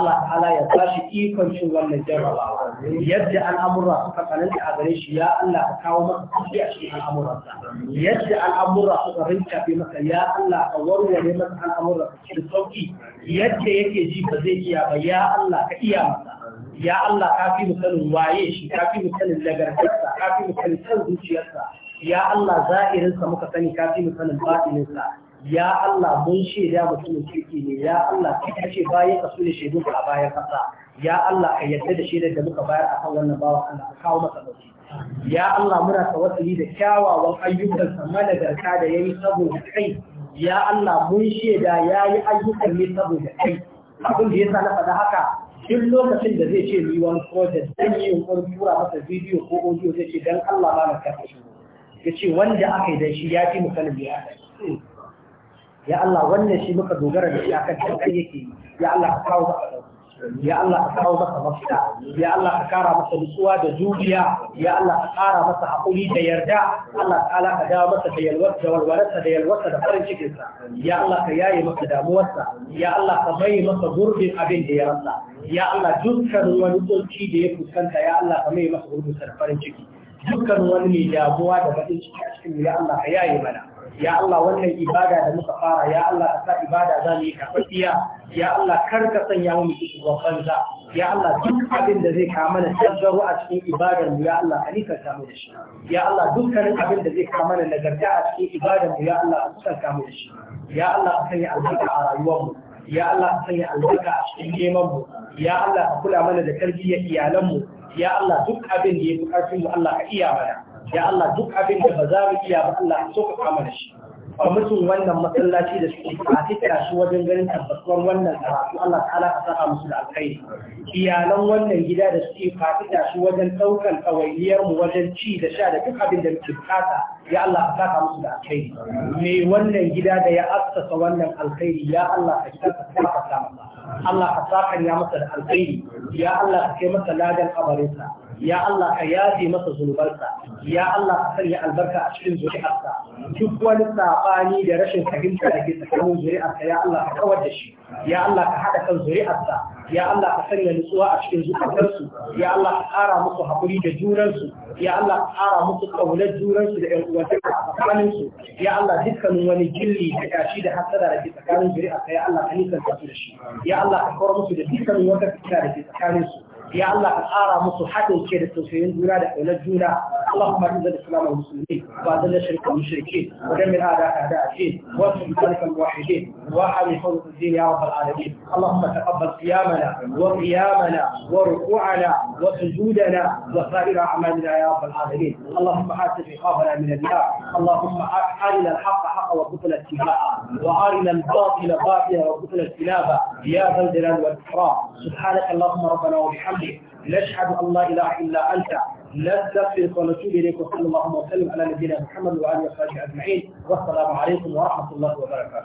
Allah ta'ala ya ba shi ikon cin wannan jarrabawa yadda al'amura suka tsananta a gare shi ya Allah ka kawo maka sauki a cikin al'amuransa yadda al'amura suka rinka bi maka ya Allah ka warware masa al'amura cikin sauki yadda yake ji ba zai iya ba ya Allah ka iya masa ya Allah ka fi mu sanin waye shi ka fi mu sanin nagartarsa ka fi mu sanin san zuciyarsa ya Allah za'irinsa muka sani kafi mu sanin batininsa ya Allah mun shaida mutumin kirki ne ya Allah ka ce bayan ka su ne shaidu a bayan kasa ya Allah ka yarda da shaidar da muka bayar akan wannan bawa Allah ka kawo masa dauki ya Allah muna tawassuli da kyawawan ayyukan sa garka da yayi saboda kai ya Allah mun shaida yayi ayyukan ne saboda kai abin da yasa na faɗa haka duk lokacin da zai ce ni wani project zan yi yunkurin tura masa bidiyo ko audio zai ce dan Allah ma na shi ya ce wanda aka yi da shi ya fi mukanin da ya ya Allah wannan shi muka dogara da shi akan kan kai yake ya Allah ka kawo maka ya Allah ka kawo maka mafita ya Allah ka kara masa nutsuwa da juriya ya Allah ka kara masa haƙuri da yarda Allah ta'ala ka dawo masa da yalwar da walwalarsa da yalwarsa da farin cikinsa ya Allah ka yaye masa damuwarsa ya Allah ka mai masa gurbin abin da ya rasa ya Allah dukkan wani tsoci da ya fuskanta ya Allah ka mai masa gurbin da farin ciki dukkan wani mai jagowa da bakin ciki cikin ya Allah ka ya'yi mana ya Allah wannan ibada da muka fara ya Allah ka sa ibada za mu yi karfafiya ya Allah kar ka sanya mu ciki banza ya Allah duk abin da zai kawo mana tazzaro a cikin ibadar mu ya Allah ka nika samu da shi ya Allah dukkanin abin da zai kawo mana nagarta a cikin ibadar mu ya Allah ka saka da shi ya Allah ka sanya albarka a rayuwar mu ya Allah ka sanya albarka a cikin neman mu ya Allah ka kula mana da tarbiyyar iyalan mu ya Allah duk abin da ya fi ƙarfin mu Allah a iya mana ya Allah duk abin da ba za mu iya ba Allah a so ka da shi mutum wannan masallaci da suke a fitira shi wajen ganin tabbatuwar wannan karatu Allah ta'ala ka saka musu da alkhairi iyalan wannan gida da suke fafita shi wajen ɗaukan ɗawainiyar mu wajen ci da sha da duk abin da muke bukata ya Allah a saka musu da alkhairi me wannan gida da ya assasa wannan alkhairi ya Allah ka saka masa Allah ka saka ya masa da alkhairi ya Allah ka kai masa ladan kabarinsa ya Allah ka yafe masa zunubansa ya Allah ka sanya albarka a cikin zuri'arsa duk wani sabani da rashin fahimta da ke tsakanin zuri'arsa ya Allah ka kawar da shi ya Allah ka haɗa kan zuri'arsa ya Allah ka sanya nutsuwa a cikin zukatarsu ya Allah ka ƙara musu haƙuri da junansu ya Allah ka ƙara musu ƙaunar junansu da ƴan uwantaka a tsakaninsu ya Allah dukkanin wani jilli da kashi da hasada da ke tsakanin zuri'arsa ya Allah ka nisanta su da shi ya Allah ka kawar musu da dukkanin wata fitina da ke tsakaninsu يا الله أرى مصحات الكير التوفيين جولا لأولى الجولا اللهم أعز الإسلام والمسلمين وأذل الشرك والمشركين ودمر أعداء أعداء الدين وانصر بذلك الموحدين وأحمي حوزة الدين يا رب العالمين اللهم تقبل صيامنا وقيامنا وركوعنا وسجودنا وسائر أعمالنا يا رب العالمين اللهم آت رقابنا من النار اللهم أرنا الحق حقا وارزقنا اتباعه وأرنا الباطل باطلا وارزقنا اجتنابه يا ذا الجلال والإكرام سبحانك اللهم ربنا وبحمدك وبحمده نشهد أن لا إله إلا أنت نستغفرك ونتوب إليك وصلى اللهم وسلم على نبينا محمد وآله وصحبه أجمعين والسلام عليكم ورحمة الله وبركاته.